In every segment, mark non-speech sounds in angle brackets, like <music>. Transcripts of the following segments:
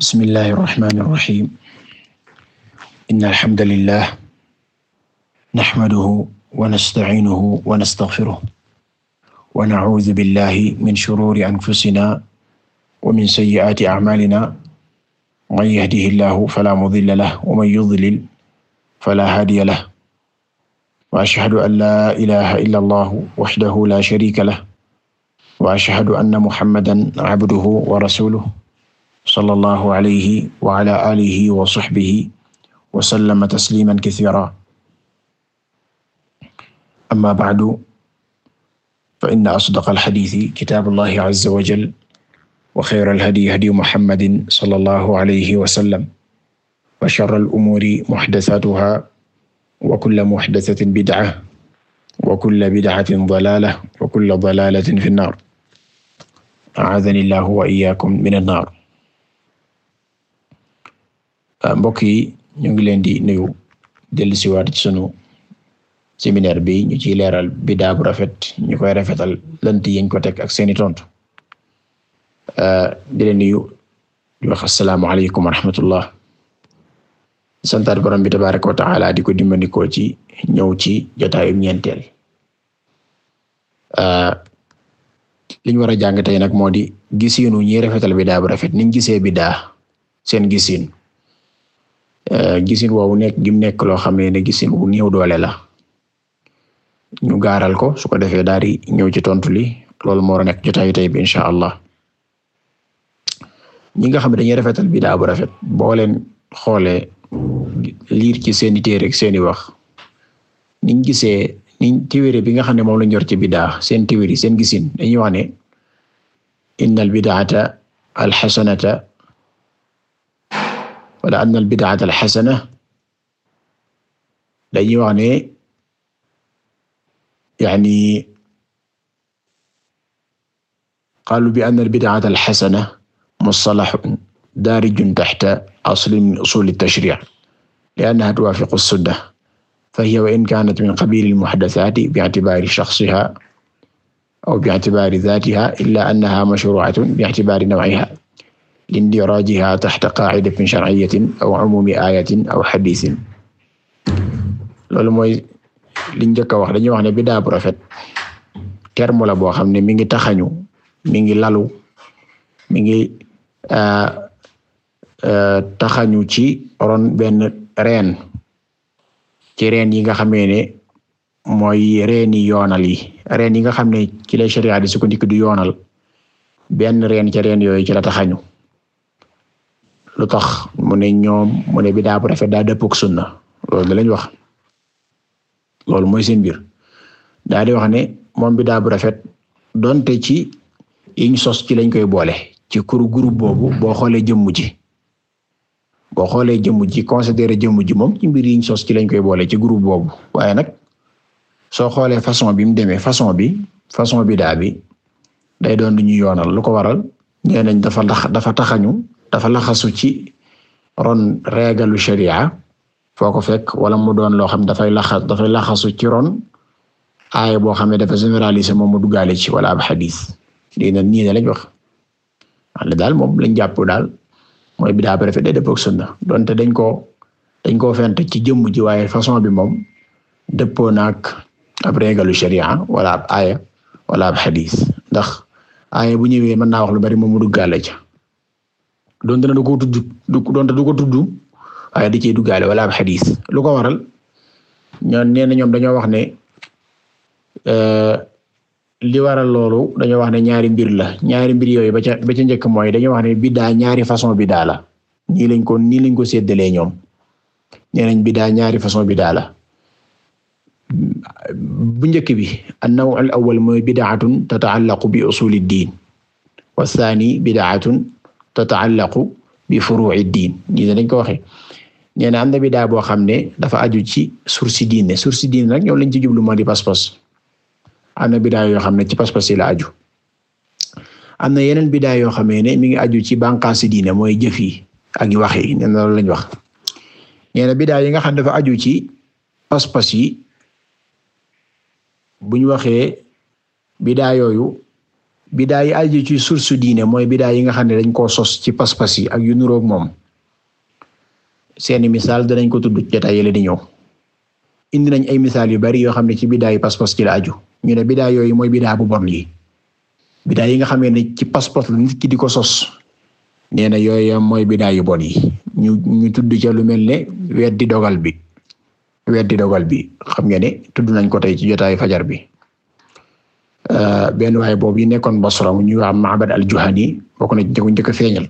bismillahi irrahmani irrahim in alhamdulillah naxmaduhu wa nastaciinuhu wa nastaxfiruh wa nacuudu billahi min shuruuri anfusina wa min sayyi'aati acmaalina man yahdihi llahu falaa mudilla lah wa man yudlil falaa haadiya lah wa ashhadu an laa ilaaha illa allahu waxdahu laa shariika lah wa ashhadu anna muhammadan cabduhu wa rasuluhu sallallahu alayhi wa ala alihi wa sahbihi wa sallama tasliman kathira amma ba'du fa inna asdaqa alhadithi kitabullahi azza wa jal wa khayra alhadi hadi muhammadin sallallahu alayhi wa sallam wa sharra al-umuri muhdathatuha wa kullu muhdathatin bid'a wa kullu bid'atin dalalah wa kullu dalalatin fi an-nar a'adhani llahu wa iyyakum min an-nar Euh, mbokk yi ñu ngi leen di nuyu dellusiwaat ci sunu séminaire bi ñu ciy leeral bidaa bu rafet ñu koy rafetal lant yiñ ko teg ak seeni tontu euh, di leen nuyu di wax asalaamaaleykum wa rahmatullah santaat borom bi tabaaraka wa taala di ko dimbandikoo ci ñëw ci jotaayum ñeenteel euh, li ñu war a jàng nag moo di gisiinu ñi rafetal bidaa bu rafet niñ gisee bidaa seen gisiin Euh, gisin woowu nekk gim nekk loo xamee ne gisin wu néew doole la ñu gaaral ko su ko defee daal di ñëw ci tontu li loolu moo nekk jotaayu tey bi incha allah ñi nga xam ne dañuy rafetal bidaa bu rafet boo leen xoolee liir ci seeni téere ak seeni wax niñ gisee niñ téere bi nga xam ne moom lañ yor ci bidaa seen téere seen gissin dañuy wax ne innal bidaata alxasanata wala anna al-bid'ata al-hasana dañuy wax ne yaani qaalu bi anna al-bid'ata al-hasana mustalahun daarijun tahta aslin min usuuli at-tashrii' li'annahaa tuwaafiqu as-sunna fahiya wa in kaanat min qabiili al-muhdathaati bi'tibaari shakhsihaa aw bi'tibaari dhaatihaa illaa annahaa mashruu'atun bi'tibaari naw'ihaa lindi lindiraajiha taxta qaacidatin sharciyyatin aw cumuumi aayatin aw xadiisin loolu mooy liñ njëkk a wax dañuy wax ne bidaa bu rafet terme la boo xam ne mi ngi taxañu mi ngi lalu mi ngi euh, euh, taxañu ci ron benn reen ci reen yi nga xamee ne mooy reeni yoonal yi reen yi nga xam ne ci lay sharia di sukkandiku di yoonal benn reen ca reen yooyu ci la taxañu lu tax mu ne ñoom mu ne bidaa bu rafet daa dëppoo ak sunna loolu lañ wax loolu mooy seen mbir daa di wax ne moom bidaa bu rafet donte ci yiñ sos ci lañ koy boole ci kuru groupe boobu boo xoolee jëmm ji boo xoolee jëmm ji considéré jëmm ji moom ci mbir yiñ sos ci lañ koy boole ci group boobu waaye nag soo xoolee façon bi mu demee façon bi façon bidaa bi day doon lu ñu yoonal lu ko waral nee nañ dafa tax dafa taxañu dafa laxasu ci ron reegalu sharia foo ko fekk wala mu doon loo xam dafay laxas dafay laxasu ci ron aaya boo xam ne dafa généraliser moom mu duggaale ci wala ab xadis lii nag nii lañ wax wala daal moom lañ jàpp daal mooy bidaa préfet de dëppoo ak sunna donte dañ koo dañ koo fent ci jëmm ji waaye façon bi moom dëppoo naag ab reegalu sharia wala ab aaya wala ab xadis ndax aaya bu ñëwee mën naa wax lu bari moom mu duggaale ca. donte ne du ko tudd du donte du ko tudd waaye da cee duggaale wala ab xadis lu ko waral ñoom nee na ñoom dañoo wax ne euh, li waral loolu dañoo wax ne ñaari mbir la ñaari mbir yooyu ba ca ba ca njëkk mooy dañoo wax ne biddaa ñaari façon biddaa la nii lañ ko nii lañ ko séddalee ñoom nee bi biddaa ñaari façon biddaa la bu njëkk bi an bi usul ad-din wa ath-thani bid'atun tataallaqu bi furu'i diin diine dañ ko waxee nee na am na bidaa boo xam ne dafa aju ci source diine source diine nag ñoom lañ ci jublu moo di pas-pas am na bidaa yoo xam ne ci pas-pas yi la aju am na yeneen bidaa yoo xamee ne mi ngi aju ci bànqaasi diine mooy jëf yi ak yu wax yi loolu lañ wax nee na yi nga xam dafa aju ci pas-pas yi buñ waxee bidaa yooyu bidaa yi aju ci source diine mooy bidaa yi nga xam ne dañ ko sos ci pas-pas yi ak yu nuroog moom seeni misaal danañ ko tudd jotaay yële di ñëw indi nañ ay misaal yu bari yoo xam ne ci bidaa yi pas ci la aju ñu ne bidaa yooyu mooy bidaa bu bon yi yi nga xam ne ci pas-pas la di ko sos nee na yooyu mooy bidaa yu bon yi ñu ñu tudd ca lu mel ne weddi dogal bi weddi dogal bi xam nga ne tudd nañ ko tey ci jotaayu fajar bi. Euh, benn waaye boobu yi nekkoon Basra mu ñuy wax Ma'bad al-Juhani bokk na ci njëkk a feeñal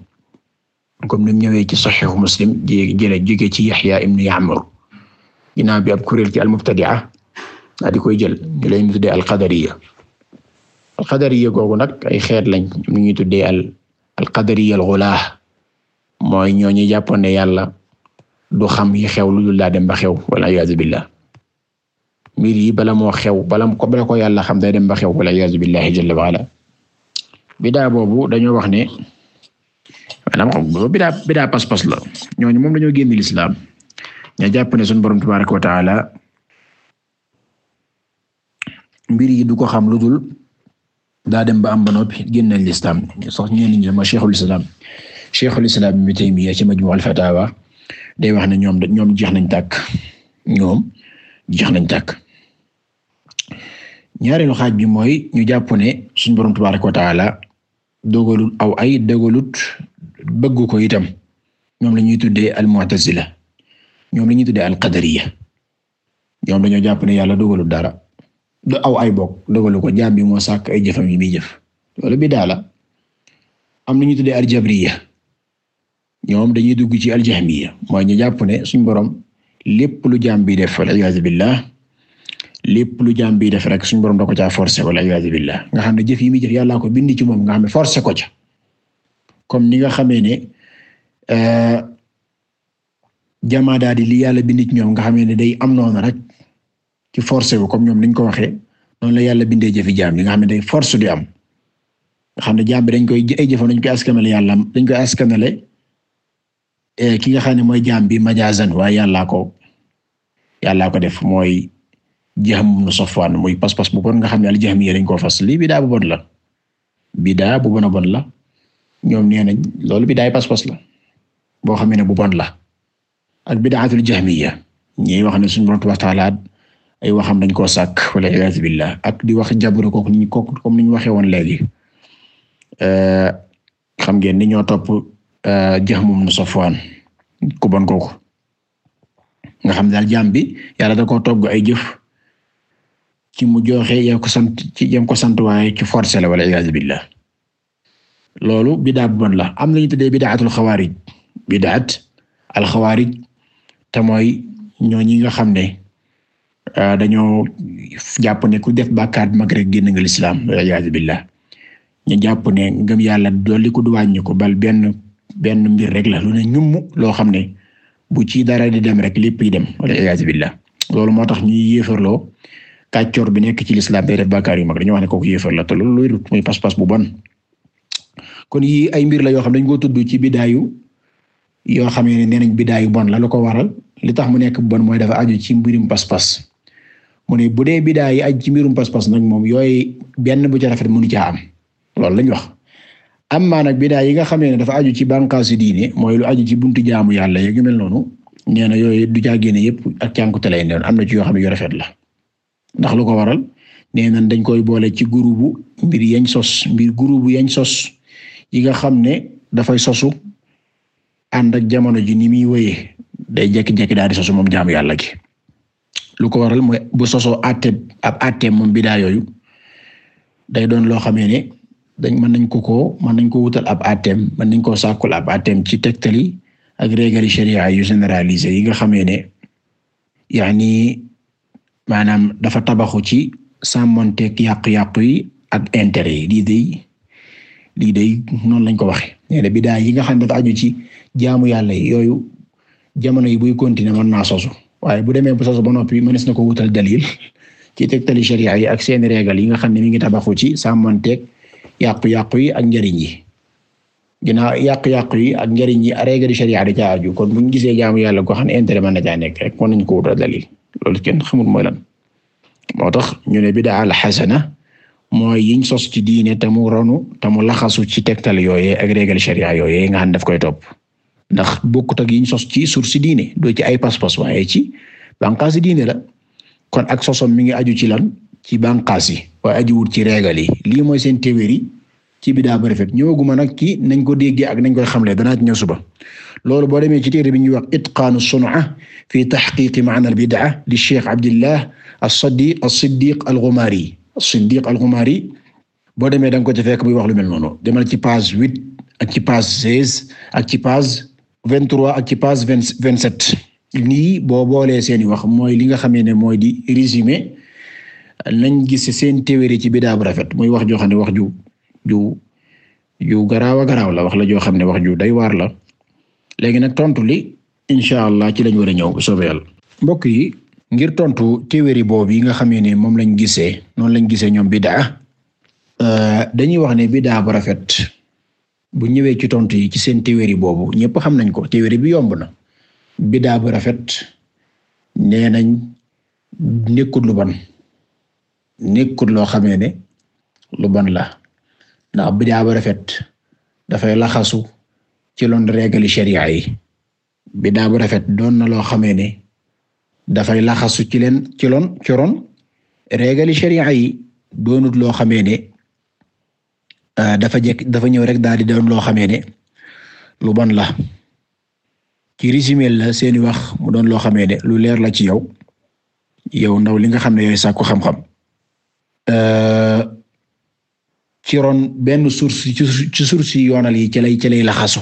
comme ni mu ñëwee ci Sahih Muslim ji jële jóge ci Yahya ibn Ya'mur ginnaaw bi ab kuréel ci al-mubtadi'a daa di koy jël ñu leen tuddee al-qadariyya al-qadariyya googu nag ay xeet lañ ñu ñuy tuddee al al-qadariyya al-ghulaah mooy ñooñu jàppoon ne yàlla du xam yi xew lu dul laa dem ba xew wal iyaazu billah mbir yi bala moo xew bala ko bala yàlla xam day dem ba xew wala yaazu billahi jalla wa ala bidaa boobu dañoo wax ne maanaam xam bidaa bidaa la ñooñu moom dañoo génn lislaam ña jàpp ne suñu borom tabaaraka wa mbir yi du ko xam lu dul daa dem ba am ba noppi génn lislaam sax ñenn ñi ma cheikhul islam cheikhul islam Ibn Taymiyya ci Majmu' al-Fatawa day wax ne ñoom ñoom jeex nañ tàkk ñoom jeex nañ tàkk ñaareelu xaaj bi mooy ñu jàpp ne suñu borom tabaaraka wa taala dogalut aw ay dogalut bëggu ko itam ñoom la ñuy tuddee al-mu'tazila ñoom la ñuy tuddee al-qadariya ñoom dañoo jàpp ne yàlla dogalut dara du aw ay bokk dogalu ko jaam moo sàkk ay jëfam yi muy jëf loolu bi daala am la ñuy tuddee al-jabriya ñoom dañuy dugg ci al-jahmiya mooy ñu jàpp suñu borom lépp lu jaam bi def wal iyaazu billah lépp lu jaam bi def rek suñu borom da ko caa forcer wala iyaazu billah nga xam ne jëf yi muy jëf ko bind ci moom nga xam ne forcer ko comme ni nga xamee ne euh, jamaa daal di bind ci ñoom nga xamee ne day am noonu rek ci forcer wu comme ñoom niñ ko waxee noonu la yàlla bindee jëfi jaam yi nga xam ne day force di am nga xam ne jaam bi dañ koy ay jëfam dañ koy askanale dañ koy askanale eh, nga xam ne mooy jaam bi majaasan waaye yàllaa ko yàllaa ko def mooy. Jahm ibn Safwan mooy pas-pas bu bon nga xam ne al-Jahmiyya dañ koo fas lii bidaa bu bon la bidaa bu bon a bon la ñoom nee loolu bidaay pas-pas la boo xam ne bu bon la ak bidaatul Jahmiyya ñi wax ne suñu Boroom Taala ay waxam dañ koo sàkk wala iyaazu ak di wax jabru kooku ni ñu ni ñu waxee woon léegi xam ngeen ni ñoo topp Jahm ibn Safwan ku bon kooku nga xam daal jaam bi yàlla da koo togg ay jëf. ci mu joxe yaa ko sant ci yaa ko sant waaye ci forcé la wala iyaazu billah loolu bidaa bu bon la am lañu tuddee bidaatul xawaarij bidaat al xawaarij te mooy ñoo ñi nga xam ne ah, dañoo jàpp ne ku def bàkkaat mag rek génn nga lislaam wala iyaazu billah ñu jàpp ne ngëm yàlla dolli ko du ko bal benn benn mbir rek la lu ne ñummu loo xam ne bu ci dara di dem rek lépp dem wala iyaazu billah loolu moo tax ñuy yéefarloo kàccoor bi nekk ci lislaam day def bàkkaar yu mag dañu wax ne kooku yéefar la te loolu looy muy pas-pas bu bon kon yi ay mbir la yoo xam dañ koo tudd ci bidaayu yoo xamee ne nee nañ bidaayu bon la lu ko waral li tax mu nekk bon mooy dafa aju ci mbirum pas-pas mu ne bu dee bidaa yi aju ci mbirum pas-pas nag moom yooyu benn bu ci rafet mënu caa am loolu lañ wax amma nag bidaa yi nga xamee ne dafa aju ci bànqaasu diine mooy lu aju ci buntu jaamu yàlla yeegi mel noonu nee na yooyu du caa génne yëpp ak cànkute lay doon am na ci yoo xam ne yu rafet la ndax lu ko waral nee nañ dañ koy boole ci groupe mbir yañ sos mbir groupe yañ sos yi nga xam ne dafay sosu ànd ak jamono ji ni muy wéyee day jékki-jékki daal di sosu moom jaamu yàlla gi. lu ko waral mooy soso sosoo àtte ab àtte moom bidaa yooyu day doon loo xamee ne dañ mën nañ ko koo mën nañ ko wutal ab àtteem mën nañ koo sàkkul ab àtteem ci tegtali ak règle sharia yu généralisé yi nga xamee ne yaani maanaam dafa tabaxu ci sàmmonteeg yàqu-yàqu yi ak intérêt yi lii day lii day noonu lañ ko waxe nee na bidaa yi nga xam ne dafa aju ci jaamu yàlla yi yooyu jamono yi buy continuer mën naa sosu waaye bu demee bu sosu ba noppi mënees na ko wutal dalil <laughs> ci tegtali sharia yi ak seeni régal yi nga xam ne mi ngi tabaxu ci sàmmonteeg yàqu-yàqu yi ak njariñ yi ginnaaw yàqu-yàqu yi ak njariñ yi règle sharia da ca aju kon buñ gisee jaamu yàlla ko xam intérêt mën na caa nekk rek mën nañ ko wutal dalil loolu kenn xamul mooy lan moo tax ñu ne bid'a al hasana mooy yiñ sos ci diine te mu ronu te mu laxasu ci tegtal yooyee ak règle sharia yooyee nga xam daf koy topp ndax bokkut ak yiñ sos ci source diine doo ci ay pas-pas waaye ci bànqaasi diine la kon ak sosom mi ngi aju ci lan ci bànqaas yi waaye ajuwul ci règle yi lii mooy seen théorie ci bidaa bu rafet ñëwaguma nag ki nañ ko déggee ak nañ koy xamle danaa ci ñëw suba loolu boo demee ci téere bi ñuy wax itqaanu sun'a fi tahqiqi ma'na al-bid'a li Cheikh Abdillah as-Siddiq as-Siddiq al-Ghumari as-Siddiq al-Ghumari boo demee da ko ci fekk muy wax lu mel noonu demal ci page huit ak ci page seize ak ci page vingt ak ci page vingt-sept nii boo boolee seeni wax mooy li nga xamee ne mooy di résumé nañ gis seen téere ci bidaa bu rafet muy wax joo xam ne wax ju ju ju garaaw garaaw la wax la joo xam ne wax ju day waar la léegi nag tontu li incha allah ci lañ war a ñëw bu soobee yàlla mbokk yi ngir tontu téeméeri boobu yi nga xamee ne moom lañ gisee noonu lañ gisee ñoom bidaa euh, dañuy wax ne bidaa bu rafet bu ñëwee ci tontu yi ci seen téeméeri boobu ñëpp xam nañ ko téeméeri bi yomb na bidaa bu rafet nee nañ nekkut lu ban nekkut loo xamee ne lu ban la ndax bidaa bu rafet dafay laxasu ci loon régali sharia yi bidaa bu rafet doon na loo xamee ne dafay laxasu ci leen ci loon ci ron yi doonut loo xamee ne euh, dafa jekk dafa ñëw rek daal di doon loo xamee ne lu bon la ci résumé la seeni wax mu doon loo xamee ne lu leer la ci yow yow ndaw li nga xam ne yooyu sàkku xam-xam euh, ci ron benn source ci source yi yoonal yi ci lay ci lay laxasu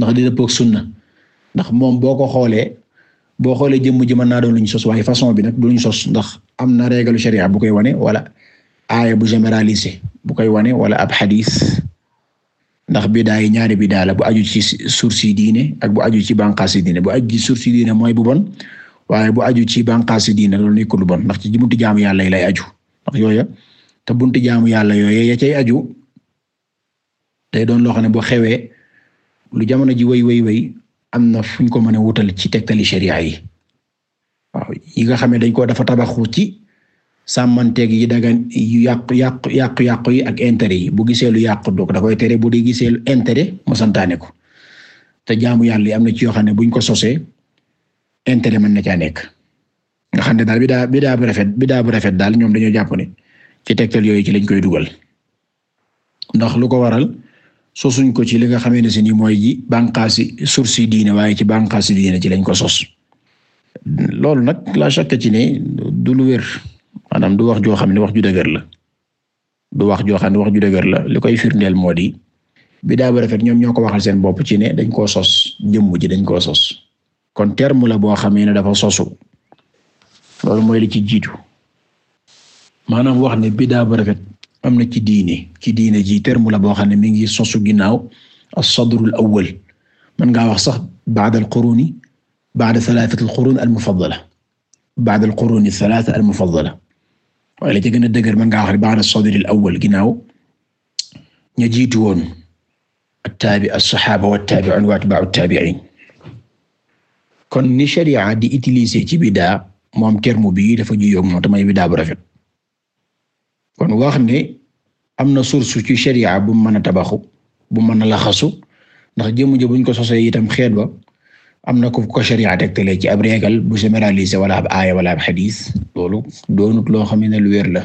ndax di dëppoo ak sunna ndax moom boo ko xoolee boo xoolee jëmm ji naa doon lu ñu sos waaye façon bi nag du lu sos ndax am na règle sharia bu koy wane wala aaya bu généralisé bu koy wane wala ab xadis ndax bidaa yi ñaari bidaa la bu aju ci source yi diine ak bu aju ci bànqaas yi diine bu aju ci source yi diine mooy bu bon waaye bu aju ci bànqaas yi diine loolu nekkul lu bon ndax ci jumutu jaamu yàlla lay aju ndax yooya te buntu jaamu yàlla yooyu ya cay aju day doon loo ne boo xewee lu jamono ji woy way way am na fuñ ko mën a wutal ci tegtali sharia yi waaw yi nga xam ne dañ ko dafa tabaxu ci sàmmanteeg yi dagan yu yàqu yàqu yàqu yàqu yi ak intérêt yi bu gisee lu yàqu doog da koy tere bu dee gisee lu intérêt mu santaane ko te jaamu yàlla yi am na ci yoo xam ne buñ ko sosee intérêt mën na caa nekk nga xam ne daal bi daa bi daa bu rafet bi daa bu rafet daal ñoom dañoo jàpp ne ci tegtal yooyu ci lañ koy dugal ndax lu ko waral sosuñ ko ci li nga xamee ne si ni mooy ji bànqaasi sursi diine waaye ci bànqaasi diine ci lañ ko sos loolu nag la chaque ci ne du lu wér maanaam du wax joo xam ne wax ju dëgër la du wax joo xam ne wax ju dëgër la li koy firndeel moo di bidaa ba rafet ñoom ñoo ko waxal seen bopp ci ne dañ koo sos jëmm ji dañ koo sos kon terme la boo xamee ne dafa sosu loolu mooy li ci jiitu maanaam wax ne bidaa bu rafet am na ci diine ci diine ji terme la boo xam ne mi ngi sosu ginnaaw as-sadrul awwal mën ngaa wax sax ba'da al-quruni ba'da thalathati al-qurun al-mufaddala ba'da al-quruni thalatha al-mufaddala la ci gën a dëgër mën ngaa wax ba'da as-sadr al ginnaaw ña jiitu woon at-tabi as-sahaba wat-tabi'un wa atba'u at kon ni sharia di utiliser ci bidaa moom terme bii dafa ju yog moo tamay bidaa bu rafet kon wax ne am na source ci sharia bu mën a tabaxu bu mën a laxasu ndax jëmu ja buñ ko sosee itam xeet ba am na ko ko sharia tegtalee ci ab régal bu généralisé wala ab aaya wala ab xadis loolu doonut loo xam ne lu weer la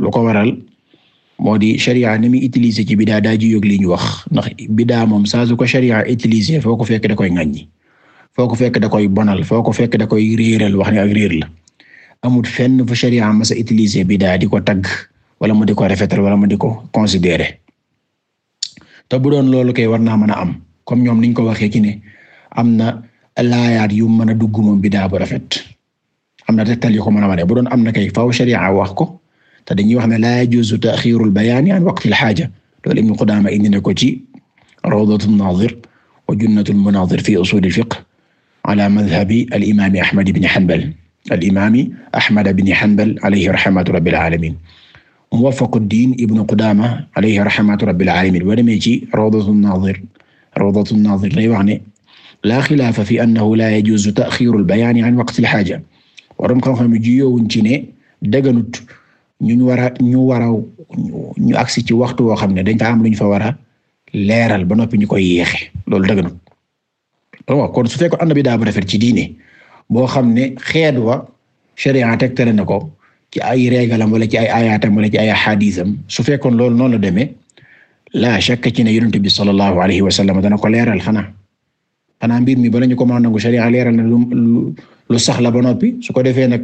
lu ko waral moo di sharia ni mi utilisé ci bidaa daal ji yóg li ñu wax ndax bidaa moom saa su ko sharia utilisé foo ko fekkee da koy ŋaññi foo ko fekk da koy bonal foo ko fekk da koy réeral wax ne ak la amul fenn fu sharia masa utiliser bidaa di ko tagg wala mu di ko rafetal wala mu di ko considérer te bu doon loolu kay war naa mën a am comme ñoom niñ ko waxee ci ne am na laayaat yu mën a dugg moom bidaa bu rafet am na tegtal yu ko mën a wane bu doon am na kay faaw sharia wax ko te dañuy wax ne la yajuzu taxirul bayaani an waqtil xaaja loolu Ibn Qudaama indi na ko ci rawdatun naadir wa junnatul munaadir fi usuulil fiqh ala madhabi al imaam Ahmad ibn Hanbal al imaami Ahmad bin Hanbal alayhi rahmatu rabbil alamin Muwafaquddin Ibn Qudaama alayhi rahmatu rabbil alamin boo demee ci Rawdatu Naadir Rawdatu Naadir lay wax ne laa xilaafa fi annahu la yajuuzu taxiiru al bayaani an waqti al xaaja waroon xam-xam ji ci ne daganut ñu war a ñu war a ñu agsi ci waxtu woo xam ne dañ fa am lu fa war leeral ba noppi ñu koy yéexe loolu daganut. waaw kon su fekkoon ànd bi daa bu ci diine. boo xam ne xeet wa sharia tegtale na ko ci ay régalam wala ci ay ayaatam wala ci ay xadisam su fekkoon loolu noonu la demee la shakka ci ne yonent bi sallallahu alayhi wa sallam dana ko leeral xanaa xanaa mbir mi bala ñu ko mën a na lu lu sax la ba noppi su ko defee nag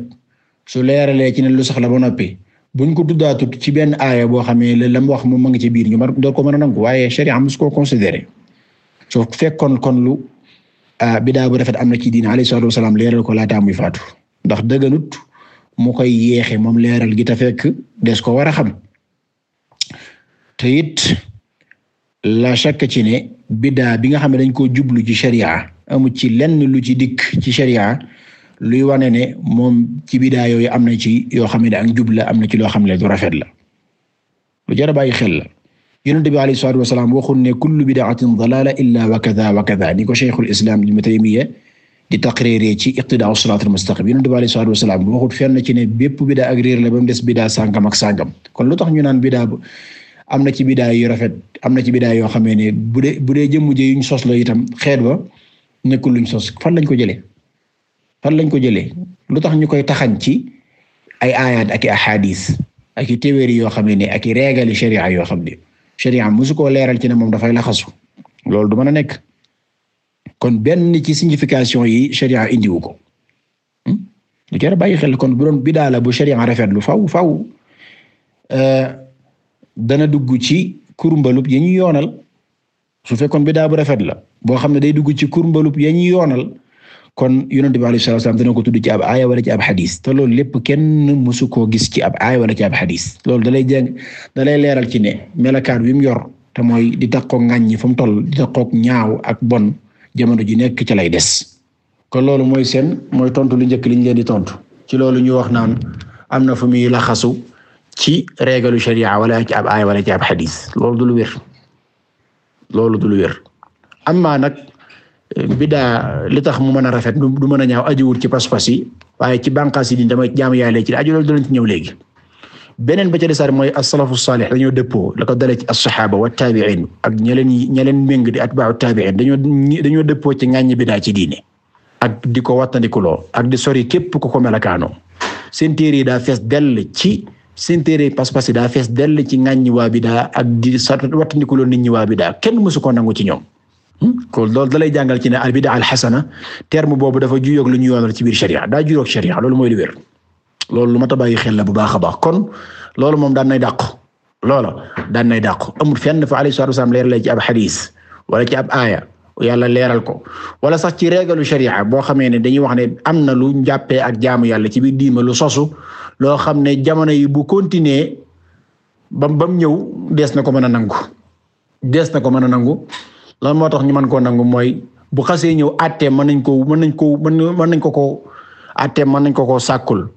su leeralee ci ne lu sax la ba noppi buñ ko tuddaatut ci benn aaya boo xamee ne la mu wax moom ma ngi ci biir ñu mën door ko mën a nangu waaye sharia mos koo considéré su fekkoon kon lu. Euh, bidaa bu rafet am na ci diine lay salaatu wasalaam leeral ko laataa muy faatu ndax dëgganut mu koy yeexe moom leeral gi ta fekk des ko war a xam te it la chaque ci ne bidaa bi nga xam ne dañ koo jublu ci sharia amu ci lenn lu ci dikk ci sharia luy wane ne moom ci bidaa yooyu am na ci yoo xam ne ak jubla am na ci loo xam ne du rafet la lu jar a bàyyi xel la. yonent bi alayhi salaatu wasalaam waxul ne kullu bid'atin dalaala illaa wa kaza wa kaza ni ko Cheikhul Islam Ibn Taymiyya di taqriiree ci iqtidaa siraatal mustaqiim yonent bi alayhi salaatu wasalaam waxut fenn ci ne bépp bidaa ak réer la ba mu des bidaa sàngam ak sàngam kon lu tax ñu naan bidaa am na ci bidaa yu rafet am na ci bidaa yoo xamee ne bu dee bu dee jëmm ji yuñ sos la itam xeet ba nekkul luñ sos fan lañ ko jëlee fan lañ ko jële lu tax ñu koy taxañ ci ay aayaat ak i ahadis ak i téeméeri yoo xam ne ak i yoo xam ne sharia mosu koo leeral ci ne moom dafay laxasu loolu du mën a nekk kon benn ci signification yi sharia indiwu ko hmm? lu jar bàyyi xel kon bu doon bidaa la bu sharia rafetlu faw faw euh, dana dugg ci kurumbalub ya ñu yoonal su fekkoon bidaa bu rafet la boo xam ne day dugg ci kurumbalub ya ñu yoonal kon yonent bi alayhi salaam dana ko tudd ci ab aaya wala ci ab xadis te loolu lépp kenn mësu koo gis ci ab aaya wala ci ab xadis loolu dalay jàng dalay leeral ci ne melakaat wi mu yor te mooy di taqoog ngàññi fa mu toll di taqoog ñaaw ak bon jamono ji nekk ca lay des kon loolu mooy seen mooy tontu lu njëkk liñ leen di tontu ci loolu ñu wax naan am na fu muy laxasu ci régalu sharia wala ci ab aaya wala ci ab xadis loolu du lu wér loolu du lu wér amma nag bidaa li tax mu mën a rafet du mën a ñaaw ajuwul ci pas-pas waaye ci bànqaas yi damay jaam yàlla ci aju loolu dinañ ci ñëw léegi beneen ba ca desaar mooy as-salafu saalih dañoo dëppoo la ko dalee ci as-saxaaba wa taabi'in ak ña leen ña leen méng di atbaa'u taabi'in dañoo dañoo dëppoo ci ngàññi bidaa ci diine ak di ko wattandikuloo ak di sori képp ku ko melakaanoo seen téere yi daa fees dell ci seen téere yi pas-pas yi daa fees dell ci ngàññi waa bidaa ak di sa wattandikuloo nit ñi waa bidaa kenn mësu ko nangu ci ñoom Hmm? kon loolu da lay jàngal ci ne al bida al xasana terme boobu dafa juyoog lu ñu yoonal ci biir sharia daa juyoog sharia loolu mooy lu wér loolu lu mat a bàyyi xel la bu baax a baax kon loolu moom daan nay dàqu loola daan nay dàqu amul fenn fa alayhi salaatu wasalaam leer la ci ab xadis wala ci ab yàlla leeral ko wala sax ci régalu sharia boo xamee ne dañuy wax ne am na lu njàppee ak jaamu yàlla ci biir diima lu sosu loo xam ne jamono yi bu continuer bam bam ñëw dees na ko mën a nangu dees na ko mën a nangu loolu moo tax ñu man koo nangu mooy bu xasee ñëw àttee mën nañ ko mën nañ ko mën nañ ko ko àttee mën nañ ko ko sàkkul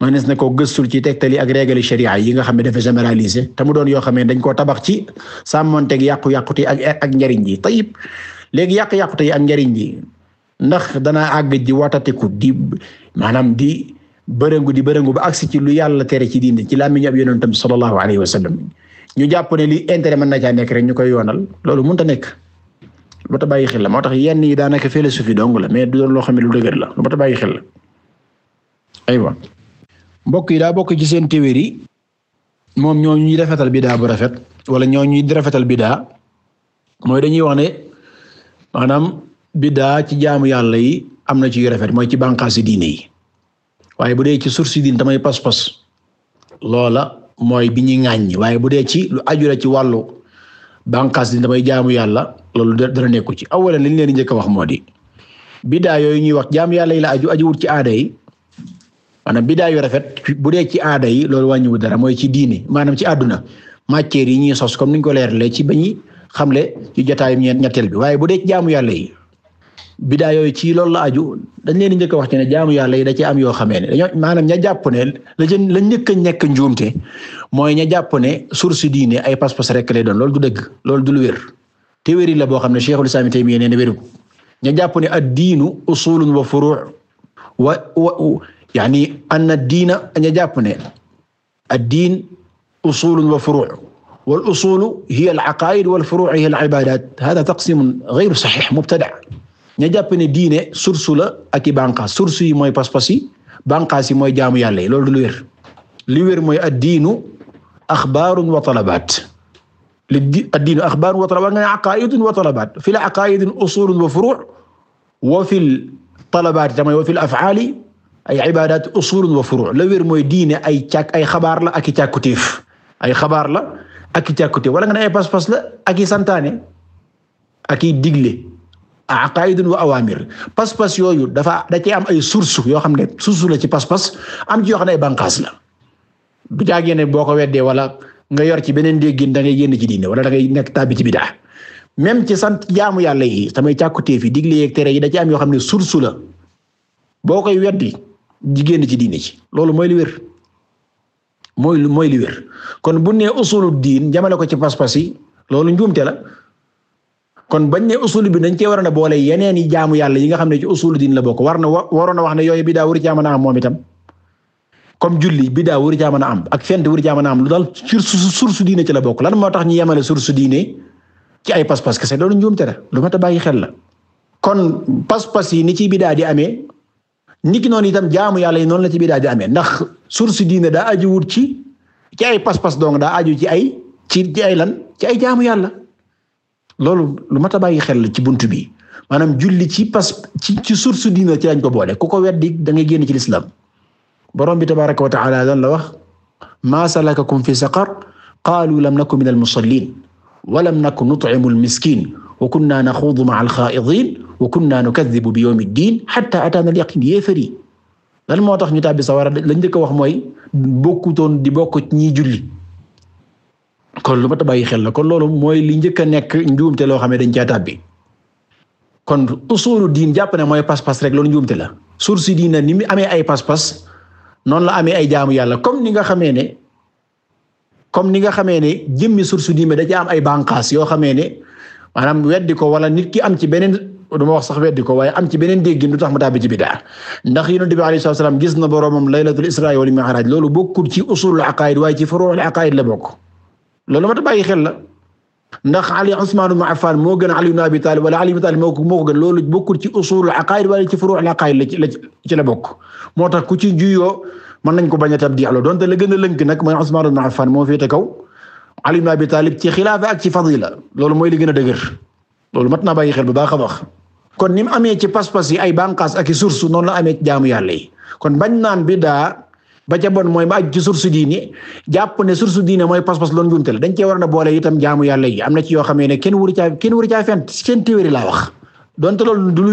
mënees na ko gëstul ci tegtali ak régali sharia yi nga xam ne dafa généralisé te mu doon yoo xam ne dañ koo tabax ci sàmmonteeg yàqu-yàqute ak ak njariñ ji tayib léegi yàqu-yàqute yi ak njariñ ji ndax danaa àgg ji watatiku di maanaam di bërëngu di bërëngu ba agsi ci lu yàlla tere ci diine ci làmmiñu ab yonentam sallallahu alayhi wa sallam ñu jàpp ne li intérêt mën na caa nekk rek ñu koy yoonal loolu mënta nekk lu mat a xel la moo tax yenn yi daanaka philosophie dong la mais du doon loo xam ne lu dëgër la lu mat a bàyyi xel la mbokk yi daa bokk ci seen théorie moom ñoo ñuy rafetal bidaa bu rafet wala ñoo ñuy rafetal bidaa mooy dañuy wax ne maanaam bidaa ci jaamu yàlla yi am na ci yu rafet mooy ci bànqaasi diine yi waaye bu dee ci source diine damay pas-pas loola mooy bi ñuy ŋàññi waaye bu dee ci lu aju ci wàllu bànqaas diine damay jaamu yàlla loolu dara nekku ci awala lañu leen di njëkk a wax moo di bidaa yooyu ñuy wax jaam yàlla yi la aju ajuwut ci aada yi maanaam bidaa yu rafet bu dee ci aada yi loolu wàññiwul dara mooy ci diine maanaam ci àdduna matière yi ñuy sos comme niñ ko leeralee ci ba ñuy xamle ci jotaayum ñetteel bi waaye bu dee ci yàlla yi bidaa yooyu ci loolu la aju dañ leen njëkk a wax ci jaamu yàlla yi da ci am yoo xamee ne dañoo maanaam ña jàpp ne la ca la njëkk a nekk njuumte mooy ña jàpp ne source diine ay pas-pas rek lay doon loolu du dëgg loolu du lu wér téeméeri la boo xam ne Cheikhul Islam Taymiyya nee na wéru ña jàpp ne ad-diinu usulun wa furu' wa wa yaani anna ad-diina ña jàpp ne ad-diin usulun wa furu' wal usulu hiya al-aqaa'id wal furu' hiya al-ibaadaat haaza taqsiimun ghayru sahiih mubtada' ña jàpp ne diine source la ak i bànqaas source yi mooy pas-pas yi bànqaas yi mooy jaamu yàlla yi loolu du lu wér li wér mooy ad-diinu axbaarun wa talabaat li addiinu axbaar wa nga ne aqaaidun wa talabaat fi l aqaaidi usulun wa furuux wa fi l talabaat tamay wa fi l afaali ay ibaadaat usulun wa furuux la wér mooy diine ay càkk ay xabaar la ak i ay xabaar la ak i càkkutéef wala nga ne ay pas-pas la ak i santaane ak i digle aqaaidun wa awaamir pas yooyu dafa da cee am ay source yoo xam ne source la ci pas-pas am ci yoo xam ne ay la du jaagee ne boo wala nga yor ci beneen déggin da ngay génn ci diine wala da nekk tàbbi ci bidaa même ci sant jaamu yàlla yi samay càkkutéef yi digle yeeg tere yi da ci yoo xam ne source la boo koy weddi jigéen ci diine loolu mooy li wér mooy mooy li kon bu nee usulu diin jamale ko ci pas-pas yi loolu njuumte la kon bañ ne usul bi dañ cee waroon a boole yeneen yi jaamu yàlla yi nga xam ne usulu diin la bokk war na waroon a wax ne yooyu bi daa wuri ci am moom itam. comme julli bidaa wuri jaa mën a am ak fent wuri jaa a am lu dal sur source diine ci la bokk lan moo tax ñu yemale source diine ci ay pas-pas kese loolu njuumte la lu mat a bàyyi xel la kon pas-pas yi ni ci bidaa di amee niki noonu itam jaamu yàlla yi noonu la ci bidaa di amee ndax source diine daa aju ci ci ay pas-pas donc daa aju ci ay ci ci ay lan ci ay jaamu yàlla loolu lu mat a bàyyi xel la ci buntu bi maanaam julli ci pas ci ci source diine ci lañ ko boole ku ko weddi da ngay génn ci lislaam borom bi tabaraka wa taala lan la wax ma salakakum fi saqar qaalu lam naku min almusallin wa lam naku nut'imu almiskin wa kunna naxuudu ma'a alxaa'idiin wa kunna nukaddibu bi yawmi ddiin hatta ataana alyaqiin yéefari lan moo tax ñu tàbbi sawara lañ njëkk wax mooy bokkutoon di bokk ci ñiy julli kon lu ma ta bàyyi xel la kon loolu mooy li njëkk nekk njuumte loo xam ne dañ caa tàbbi kon usulu diin jàpp ne mooy pas-pas rek loolu njuumte la source diin ni mu amee ay pas-pas noonu la amee ay jaamu yàlla comme ni nga xamee ne comme ni nga xamee ne jëmmi source diine da ci am ay bànqaas yoo xamee ne maanaam weddi ko wala nit ki am ci beneen du ma wax sax weddi ko waaye am ci beneen déggin du tax mu tàbbi ci bidaa ndax yonent bi alayhi salaam gis na boroomam laylatul isra wal mi'raj loolu bokkul ci usulul aqaid waaye ci furuul aqaid la bokk loolu ma ta bàyyi xel la. ndax Ali Usmaan ibn Affaan moo gën Ali ibn Abi Taalib wala Ali ibn Taalib moo gën loolu bokkul ci usuul al-aqaa'id wala ci furuu' la ci la ci la bokk moo tax ku ci juyoo mën nañ ko a tabdi alors donte la a lënk nag mooy Usmaan ibn Affaan moo féete kaw Ali ibn Abi ak ci fadila loolu mooy li a dëgër loolu mat naa bàyyi xel bu baax a kon ni amee ci pas ay bànqaas ak i source noonu amee ci jaamu yàlla yi kon bañ naan bidaa ba jaboon mooy ma aj ci source diine jàpp ne source diine mooy pas-pas loolu njumte dañ cee waroon a boole itam jaamu yàlla yi am yoo xamee ne kenn wuri caa kenn wuri caa fent seen donte loolu du lu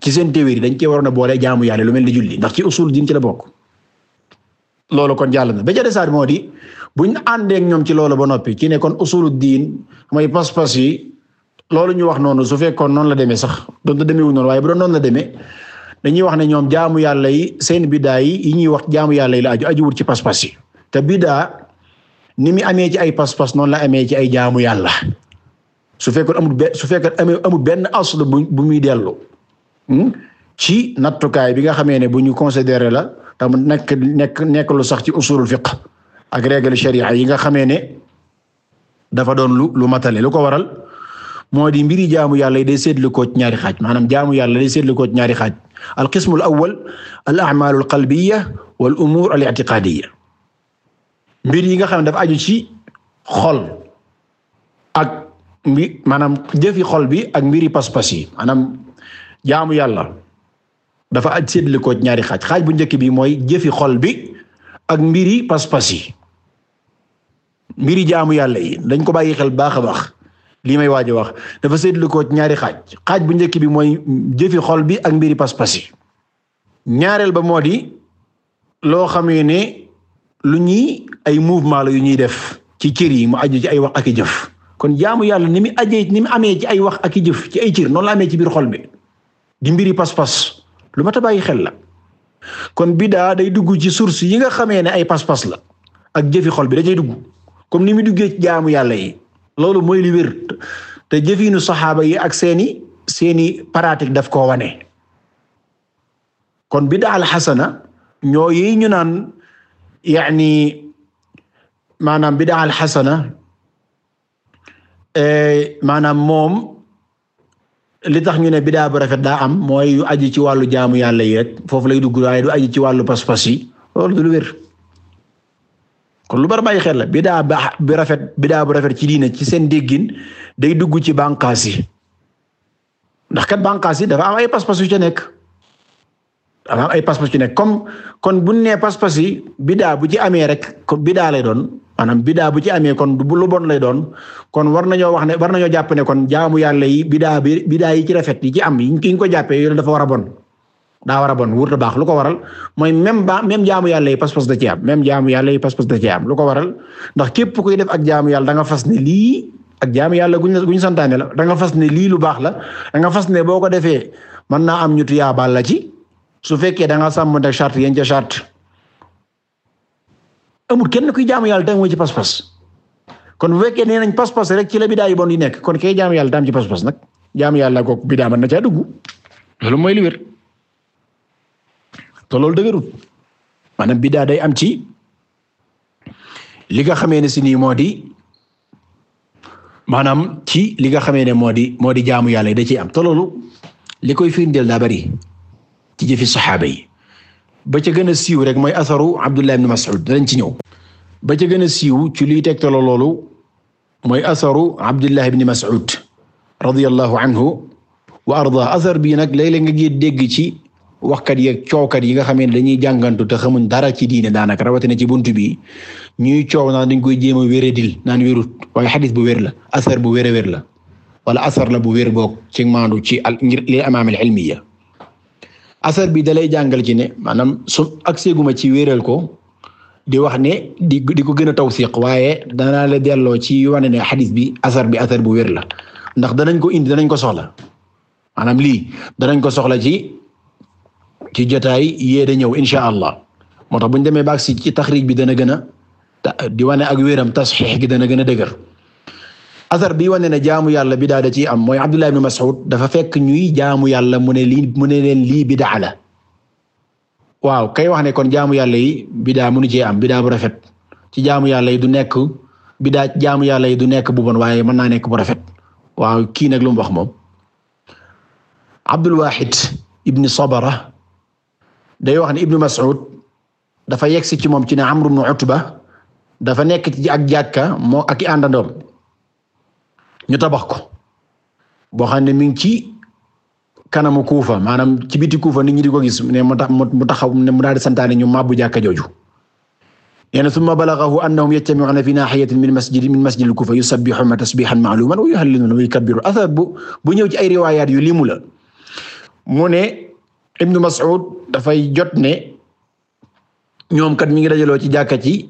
ci seen théorie dañ cee waroon a boole jaamu yàlla lu mel ni julli ndax ci usul diine ci la bokk loolu jàll na ba ca desaat moo di buñ àndeek ñoom ci loolu ba noppi ci ne kon usulu diin mooy pas-pas yi loolu ñu wax noonu su fekkoon noonu la demee sax donte demeewul noonu waaye bu doon noonu la demee dañuy wax ne ñoom jaamu yàlla yi seen bidaa yi yi ñuy wax jaamu yàlla yi la aju ajuwul ci pas-pas yi te bidaa ni mu amee ci ay pas-pas noonu la amee ci ay jaamu yàlla su fekkoon amul su fekkoon amee amul benn asl bu muy dellu hmm, ci nattukaay bi nga xamee ne bu ñu considéré la tam nekk nekk nekk lu sax ci usulul fiqh ak règle sharia yi nga xamee ne dafa doon lu lu matale lu ko waral moo di mbiri jaamu yàlla yi day seetlu ko ñaari xaaj maanaam jaamu yàlla day seetlu ko ci ñaari xaaj alqismu al awal al amalu al qalbiya wal umur al i'tiqadiya mbir yi nga xam dafa aju ci xol ak maanaam jëfi xol bi ak mbiri pas-pas yi maanaam jaamu yàlla dafa aj seetlu ko ci ñaari xaaj xaaj bu njëkk bi mooy jëfi xol bi ak mbiri pas-pas yi mbiri jaamu yàlla yi dañ ko bàyyi xel baax a baax lii may waaj wax dafa seetlu ko ñaari xaaj xaaj bu njëkk bi mooy jëfi xol bi ak mbiri pas-pas yi ñaareel ba moo di loo xamee ne lu ñuy ay mouvement la yu ñuy def ci cër yi mu aju ci ay wax ak jëf kon jaamu yàlla ni mu ajee ni mu amee ci ay wax ak i jëf ci ay cër noonu la ci biir xol bi di mbiri pas-pas lu mat a bàyyi xel la kon bidaa day dugg ci source yi nga xamee ne ay pas-pas la ak jëfi xol bi da cay dugg comme ni mu duggee jaamu yàlla yi loolu mooy li wér te jëfinu saxaaba yi ak seeni seeni pratique daf koo wane kon bida al xasana ñoo yi ñu naan yaani maanaam bida al xasana e, maanaam moom li tax ñu ne bidaa bu rafet daa am mooy yu aji ci wàllu jaamu yàlla yi rek foofu lay dugg waaye du aji ci wàllu pas-pas yi loolu du lu kon lu bar bàyyi xel la bidaa baax bi rafet bidaa bu rafet ci diine ci seen déggin day dugg ci bànqaas yi ndax kat bànqaas dafa am ay pas-pas yu ca nekk dafa am ay pas-pas yu nekk comme kon bu nee pas-pas yi bidaa bu ci amee rek kon bidaa lay doon maanaam bidaa bu ci amee kon bu lu bon lay doon kon war ñoo wax ne war nañoo jàpp ne kon jaamu yàlla yi bidaa bi bidaa yi ci rafet yi ci am yi ñu ko jàppee yooyu dafa war a bon daa war a lu ko waral mooy même ba même jaamu am même jaamu yàlla yi pas-pas da ci ko waral ndax képp kuy def ak jaamu yàlla da nga fas ne lii ak jaamu yàlla guñ guñ santaane la da nga fas ne lii lu baax la da nga fas ne boo ko defee mën naa am ñu tuyaabal la ci su fekkee da nga sàmmante charte yéen ca charte amul kenn kuy jaamu yàlla tegu ci pas-pas kon bu fekkee nee nañ pas-pas rek ci la bidaa yu bon nekk kon kay jaamu yàlla daam ci pas-pas nag jaamu yàlla kooku bidaa mën na li wér te loolu dëgërul maanaam biddaa day am ci li nga xamee ne sinii nii moo di maanaam ci li nga xamee ne moo di moo di jaamu yàlla da ciy am te li koy firndeel daa bari ci jëfi saxaaba yi ba ca gën a siiw rek mooy asaru Abdullah ibn Mas'ud danañ ci ñëw ba ca gën a siiw ci liy tegtalo loolu mooy asaru Abdullah ibn Mas'ud radiyallahu anhu wa arda asar bii nag léeg-léeg nga gee dégg ci waxkat yee ak coowkat yi nga xam ne dañuy jàngantu te xamuñ dara ci diine daanaka rawatina ci buntu bi ñuy coow naan dañ koy jéem a wéredil naan wérut waaye xadis bu wér la asar bu wér wér la wala asar la bu wér boog ci maandu ci al ngir li amaam al ilmiya asar bi dalay jàngal ci ne maanaam su agseeguma ci wéral ko di wax ne di di ko gën a tawsiq waaye danaa la delloo ci wane ne xadis bi asar bi asar bu wér la ndax danañ ko indi danañ ko soxla maanaam lii danañ ko soxla ci ci jotaay yee da ñëw incha allah moo tax bu ñu demee ba si ci taxriij bi dana gën a di wane ak weeram tasxiix gi dana gën a dëgër. asar bi wane na jaamu yàlla bidaa da ciy am mooy Abdullah ibn Mas'ud dafa fekk ñuy jaamu yàlla mu ne lii mu ne leen lii bidaa la waaw kay wax ne kon yàlla yi bidaa munu cee am bidaa bu rafet ci jaamu yàlla yi du nekk bidaa jaamu yàlla yi du nekk bu bon waaye mën naa nekk bu rafet waaw kii nag lu mu wax moom Abdul Wahid Sabara day wax ne Ibnu Mas'ud dafa yegg yegsi ci moom ci ne Amru ibnu Utba dafa nekk ci ak jàkka moo ak i àndandoom ñu tabax ko boo xam ne mi ngi ci kanamu Kuufa maanaam ci biti Kuufa nit ñi di ko gis ne mu tax mu taxaw ne mu daal di santaane ñu màbbu jàkka jooju yéen summa balaghahu annahum yajtami'una fi nahiyatin min masjid min masjid al-Kufa yusabbihuna tasbihan ma'luman wa yuhalliluna bu bu ñëw ci ay riwaayaat yu limu la mu ne Ibnu Mas'ud dafay jot ne ñoom kat mi ngi dajaloo ci jàkka ci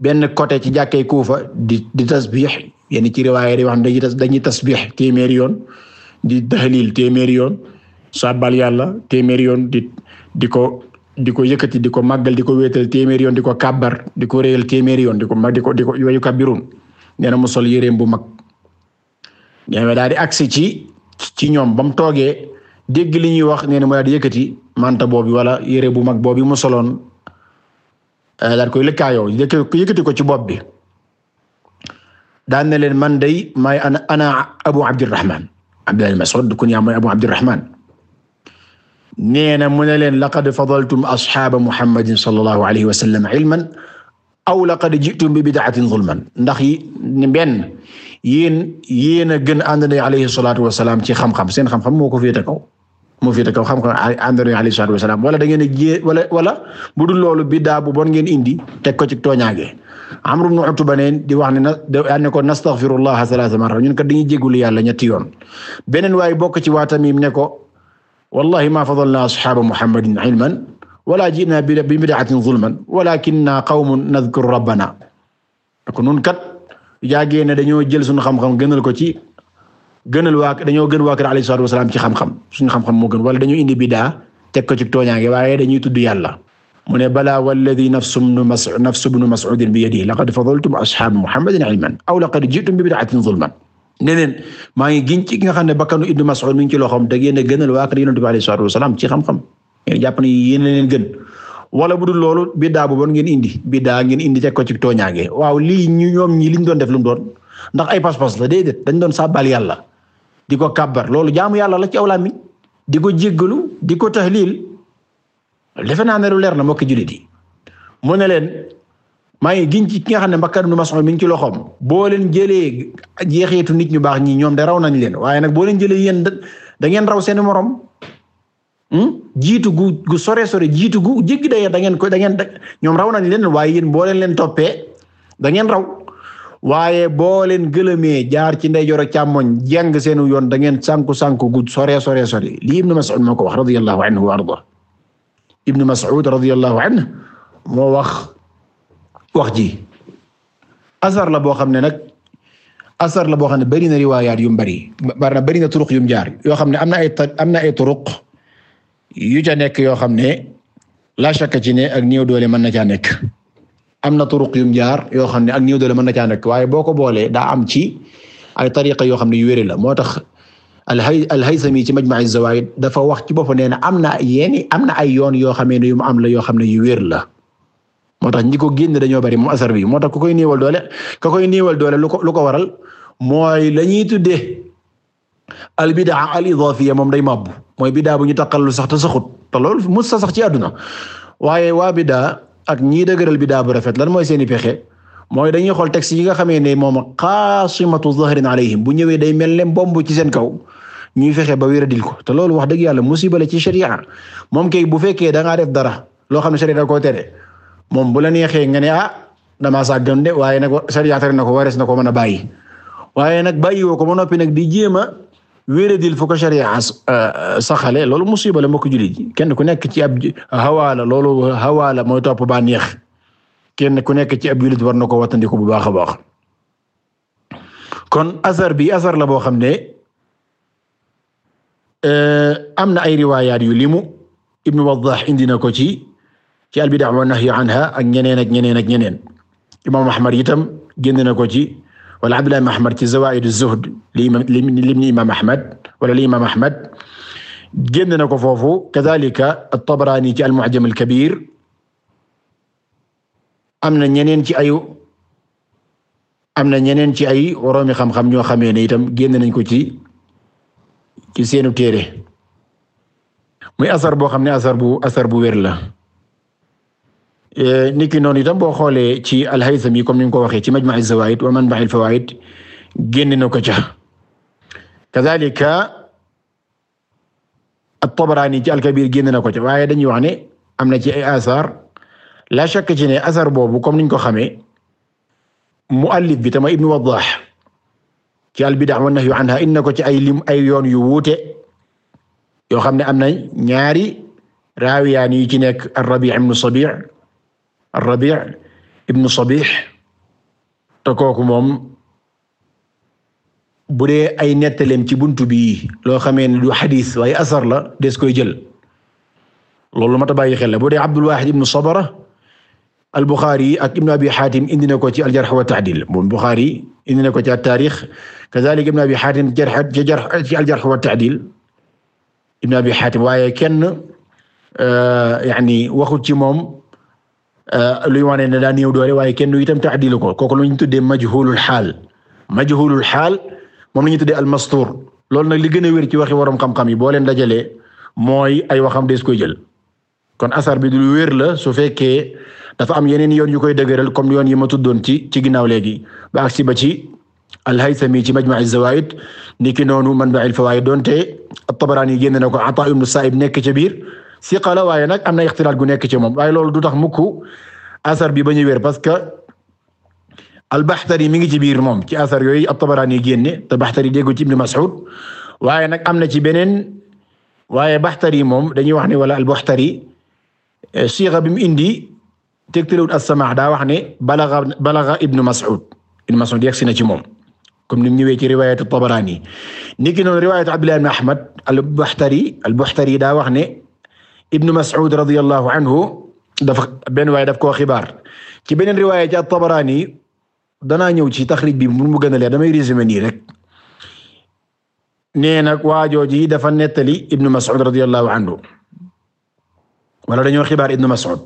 benn côté ci jàkkay Kuufa di di tasbix yenn ci riwaaya di wax dañuy tas dañuy tasbix téeméeri yoon di tahlil téeméeri yoon sabbal yàlla téeméeri yoon di di ko di ko yëkkati di ko màggal di ko wéetal téeméeri yoon di ko kàbbar di ko réyal téeméeri yoon di ko mag di ko di ko yooyu kabirun nee na mu sol yéreem bu mag ci ci ñoom ba toogee dégg li ñuy wax nee na mu daal di yëkkati manta boobu wala yére bu mag boobu mu soloon eh, daal koy lëkkaayoo yëkkati ko ci bopp bi daan na leen man day maay ana ana Abu Abdirrahman Abdullah Mas'ud kunya mooy Abu Abdirrahman nee na mu ne leen laqad fadaltum asxaaba Muhammadin sallallahu alayhi wa sallam ilman aw laqad ji'tum bi bid'atin zulman ndax yi benn yéen yéen a gën ànd na alayhi salaatu wa salaam ci xam-xam seen xam-xam moo ko féete kaw mu féete kaw xam-xam àndoon alayhi salaatu wa salaam wala da ngeen a jé wala wala bu dul loolu biddaa bu bon ngeen indi teg ko ci tooñaage Amru ibn Utba ne di wax ne na daan ne ko nastaghfirullaha salaasa marra ñun kat dañuy jégalu yàlla ñetti yoon beneen waaye bokk ci waa Tamim ne ko wallahi ma fadalna ashaaba muhammadin ilman wala ji'na bi bid'atin zulman walakinna qawmun nadhkuru rabbana ko nun kat yaagee ne dañoo jël suñu xam-xam gënal ko ci gënal waa dañoo gën waa kër alayhi salaatu wasalaam ci xam-xam suñu xam moo gën wala dañoo indi bidaa teg ko ci tooñaange waaye dañuy tudd yàlla mu ne balaa walladi nafsu bnu mas ngi giñ ci ki nga xam ne bakkanu ibnu mas'ud a gënal waa kër yonent bi alayhi salaatu wasalaam ci xam-xam ngeen jàpp ne a leen gën wala bu dul loolu bidaa bu indi bidaa ngeen indi teg ko ci tooñaange waaw lii ñu ñoom ñi doon def lu doon ndax ay pas-pas la déedéet dañ doon sàbbal yalla di ko kàbbar loolu jaamu yàlla la ci aw làmmiñ di ko jéggalu di ko tahlil defe naa ne lu leer na mbokki jullit di moo ne leen maa ngi giñ ci ki ne Makka ibn Mas'ud mi ngi ci loxoom boo leen jëlee jeexeetu nit ñu baax ñi ñoom da raw nañ leen waaye boo leen jëlee yéen da ngeen raw seeni morom hmm? jiitu gu gu sore sore jiitu gu jéggi dayee da ngeen ko da ngeen ñoom raw nañ leen waaye yéen boo leen leen toppee da ngeen raw waaye boo leen gëlëmee jaar ci ndeyjoor ak càmmoñ jàng seenu yoon da ngeen sànku sànku gu sore sore sore lii Ibn Mas'ud moo ko wax radiyallahu anhu wa arda Ibn Mas'ud radiyallahu anhu moo wax wax ji asar la boo xam ne nag asar la boo xam ne bari na riwaayaat yu mu bari bari na bari turuq yu mu jaar yoo xam ne am na ay am na ay turuq yu ca nekk yoo xam ne la shakka ci ne ak néew doole mën na caa nekk. am na yum jaar yoo xam ne ak néew doole mën na caa nekk waaye boo ko boolee daa am ci ay tariqa yoo xam ne yu wéri la moo tax alhay alhaysami ci majma' az-zawaid dafa wax ci boppam nee na am na yeeni am na ay yoon yoo xamee ne yu mu am la yoo xam ne yu wér la moo tax ñi ko génn dañoo bari moom asar bi moo tax ku koy néewal doole ku koy néewal doole lu ko lu ko waral mooy la ñuy tuddee al bid'a al idafiyya moom day mabbu mooy bid'a bu ñu taqal lu sax te saxut te lool mos sa sax ci àdduna waaye waa bid'a ak ñii dëgëral bidaa bu lan mooy seen i pexe mooy dañuy xool texte yi nga xamee ne moom xaasimatu zahrin alayhim bu ñëwee day mel ne bomb ci seen kaw ñuy fexe ba wéradil ko te loolu wax dëgg yàlla musiba la ci sharia moom kay bu fekkee da ngaa def dara loo xam ne sharia da koo tere moom bu la neexee nga ne ah damaa sàggan de waaye nag sharia tere na ko warees na ko mën a bàyyi waaye nag bàyyiwoo ko ba noppi di jéem wéeradil fu ko sharia euh, saxale loolu musiba la mbokk jullit yi kenn ku nekk ci ab hawaala loolu hawaala mooy topp ba neex kenn ku nekk ci ab jullit war na ko wattandiku bu baax a baax kon asar bi asar la boo xam ne euh, am na ay riwaayaat yu limu Ibnu Waddah indi na ko ci ci al bid'a wa nahyu anha ak ñeneen ak ñeneen ak ñeneen Imam Ahmad itam génn na ko ci wala Abdullah ibn Ahmad ci Zawaa'idu Zuhd li ibni imaam Ahmad wala li imaam Ahmad génn na ko foofu kadhalika at-Tabarani ci al-Mu'jam al-Kabir am na ñeneen ci ay am na ñeneen ci ay woroomi xam-xam ñoo xamee ne génn nañ ko ci ci seenu téere muy asar boo xam ne asar bu asar bu wér la Eh, niki noonu itam boo xoolee ci al-Haythami comme ni ko waxee ci Majma' az-Zawaid wa Manba' al-Fawaid génn na ko ca kadhalika at-Tabarani ci al-Kabir génn na ko ca waaye dañuy wax ne am na ci ay asar la shakk ci ne asar boobu comme niñ ko xamee muallif bi tama Ibn Waddah ci al-Bid'a wa an-Nahy anha inna ko ci ay lim ay yoon yu wuute yoo xam ne am na ñaari raawiyaan yi ci nekk ar-Rabi' ibn Sabi' Rabi' ibnu Sabih te kooku moom bu dee ay nettaleem ci buntu bii loo xamee ne du xadis waaye asar la des koy jël loolu mat a bàyyi xel la bu dee Abdul Wahid ibnu Sabra al-Bukhari ak Ibn Abi Hatim indi na ko ci al-Jarh wa Ta'dil moom Bukhari indi na ko ci at-Taarix kazaalika Ibn Abi Hatim jarh ci jarh ci al-Jarh wa Ta'dil Ibn Abi Hatim waaye kenn euh, yaani waxut ci moom Euh, luy wane ne daa néew doole waaye kenn du itam taadilu ko kooku lu ñu tuddee majhulul xaal majhulul xaal moom la ñu tuddee almastur loolu nag li gën a wér ci waxi waroom xam-xam yi boo leen dajalee mooy ay waxam des koy jël kon asar bi du wér la su fekkee dafa am yeneen yoon yu koy dëgëral comme yoon yi ma tuddoon ci ci ginnaaw léegi ba agsi ba ci alhaysami ci majma zawaid ni ki noonu man ba il fawaid donte at-Tabarani génn na ko Ata ibnu Sa'ib nekk ca biir siqa la waaye nag am na ixtilaat gu nekk ci moom waaye loolu du tax mukk asar bi ba ñu wér parce que al-Baxtari mi ngi ci biir moom ci asar yooyu at-Tabaraani génne te Baxtari déggu ci Ibn Mas'ud waaye nag am na ci beneen waaye Baxtari moom dañuy wax ne wala al-Baxtari eh, siqa bi mu indi tegtalewut as-samaa daa wax ne balaga balaga Ibn Mas'ud Ibn Mas'ud yegsi na ci moom comme ni mu ñëwee ci riwaayatu Tabaraani niki noonu riwaayatu Abdullah ibn Ahmad al-Baxtari al-Baxtari daa wax ne Ibnu Mas'ud radiyallahu anhu dafa benn waaye daf koo xibaar ci beneen riwaaya ci at-Tabarani danaa ñëw ci taxrij bi mu mu gën a leer damay résumé nii rek nee nag waajooji yi dafa nettali Ibnu Mas'ud radiyallahu anhu wala dañoo xibaar Ibnu Mas'ud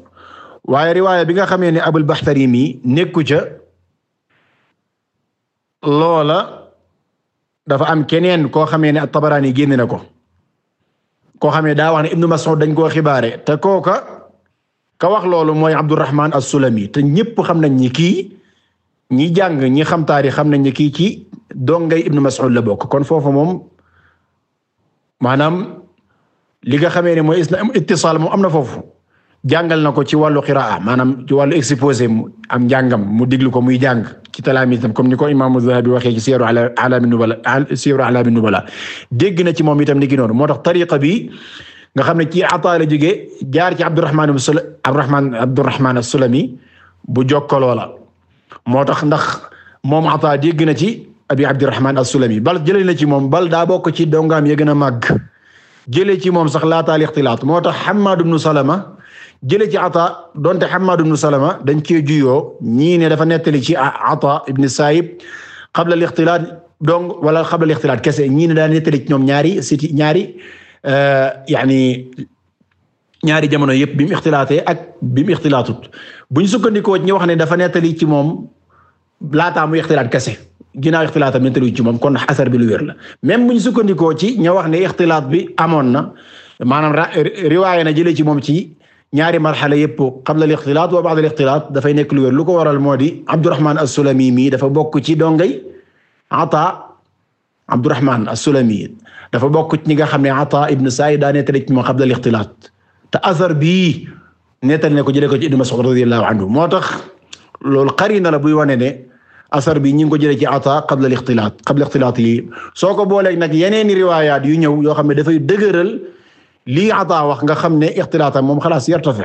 waaye riwaaya bi nga xamee ne Abul Baxtari mi nekku ca loola dafa am keneen koo xamee ne at-Tabarani génn na ko koo xam ne daa wax ne Ibnu Mas'ud dañ koo xibaare te kooka ka wax loolu mooy Abdurrahman as-Sulami te ñëpp xam nañ ñi kii ñi jàng ñi xam taarix xam nañ ñi kii ci dongay Ibnu Mas'ud la bokk kon foofu moom maanaam li nga xamee ne mooy ittisaal moom am na foofu jàngal na ko ci wàllu qiraa maanaam ci wàllu exposé mu am njàngam mu diglu ko muy jàng ci talaamisam comme ni ko imaamu Zahabi waxee ci Siyar A'laam an-Nubala Siyar A'laam an-Nubala dégg na ci moom itam ni ki noonu moo tax tariqa bi nga xam ne ci Ataa la jógee jaar ci Abdurrahman Abdurrahman Abdurrahman as-Sulami bu jokkaloo la moo tax ndax moom Ataa dégg na ci Abi Abdurrahman as-Sulami bal jëlee na ci moom bal daa bokk ci dongaam ya gën a màgg jëlee ci moom sax laataa al-ixtilaat moo tax Hammaad ibn Salama jële ci Ata donte Hammad ibn Salama dañ cee juyoo ñii ne dafa nettali ci Ata ibn Saayib qabla al-ixtilaat donc wala qabla al-ixtilaat kese ñii ne daa nettali ci ñoom ñaari siti ñaari euh, yaani ñaari jamono yëpp bi mu ixtilaatee ak bi mu ixtilaatut bu ñu sukkandikoo ci ñu wax ne dafa nettali ci moom laataa mu ixtilaat kese ginnaaw ixtilaatam nettali ci moom kon xasar bi lu weer la même bu ñu sukkandikoo ci ñu wax ne ixtilaat bi amoon na maanaam riwaaya na jëlee ci moom ci. ñaari marxala yëpp qabla al ixtilaat wa ba'da al ixtilaat dafay nekk lu wér lu ko waral moo di Abdurahman as-Sulami mii dafa bokk ci dongay Ata Abdurahman as-Sulami dafa bokk ci ñi nga xam ne Ata ibn Sa'id daa nettali ci moom qabla al ixtilaat te asar bii nettali na ko jëlee ko ci Ibn Mas'ud radiyallahu anhu moo tax loolu qarina la buy wane ne asar bi ñi ngi ko jëlee ci Ata qabla al ixtilaat qabla ixtilaat yi soo ko booleeg nag yeneeni riwaayaat yu ñëw yoo xam ne dafay dëgëral. lii ataa wax nga xam ne ixtilaatam moom xalaas yartafi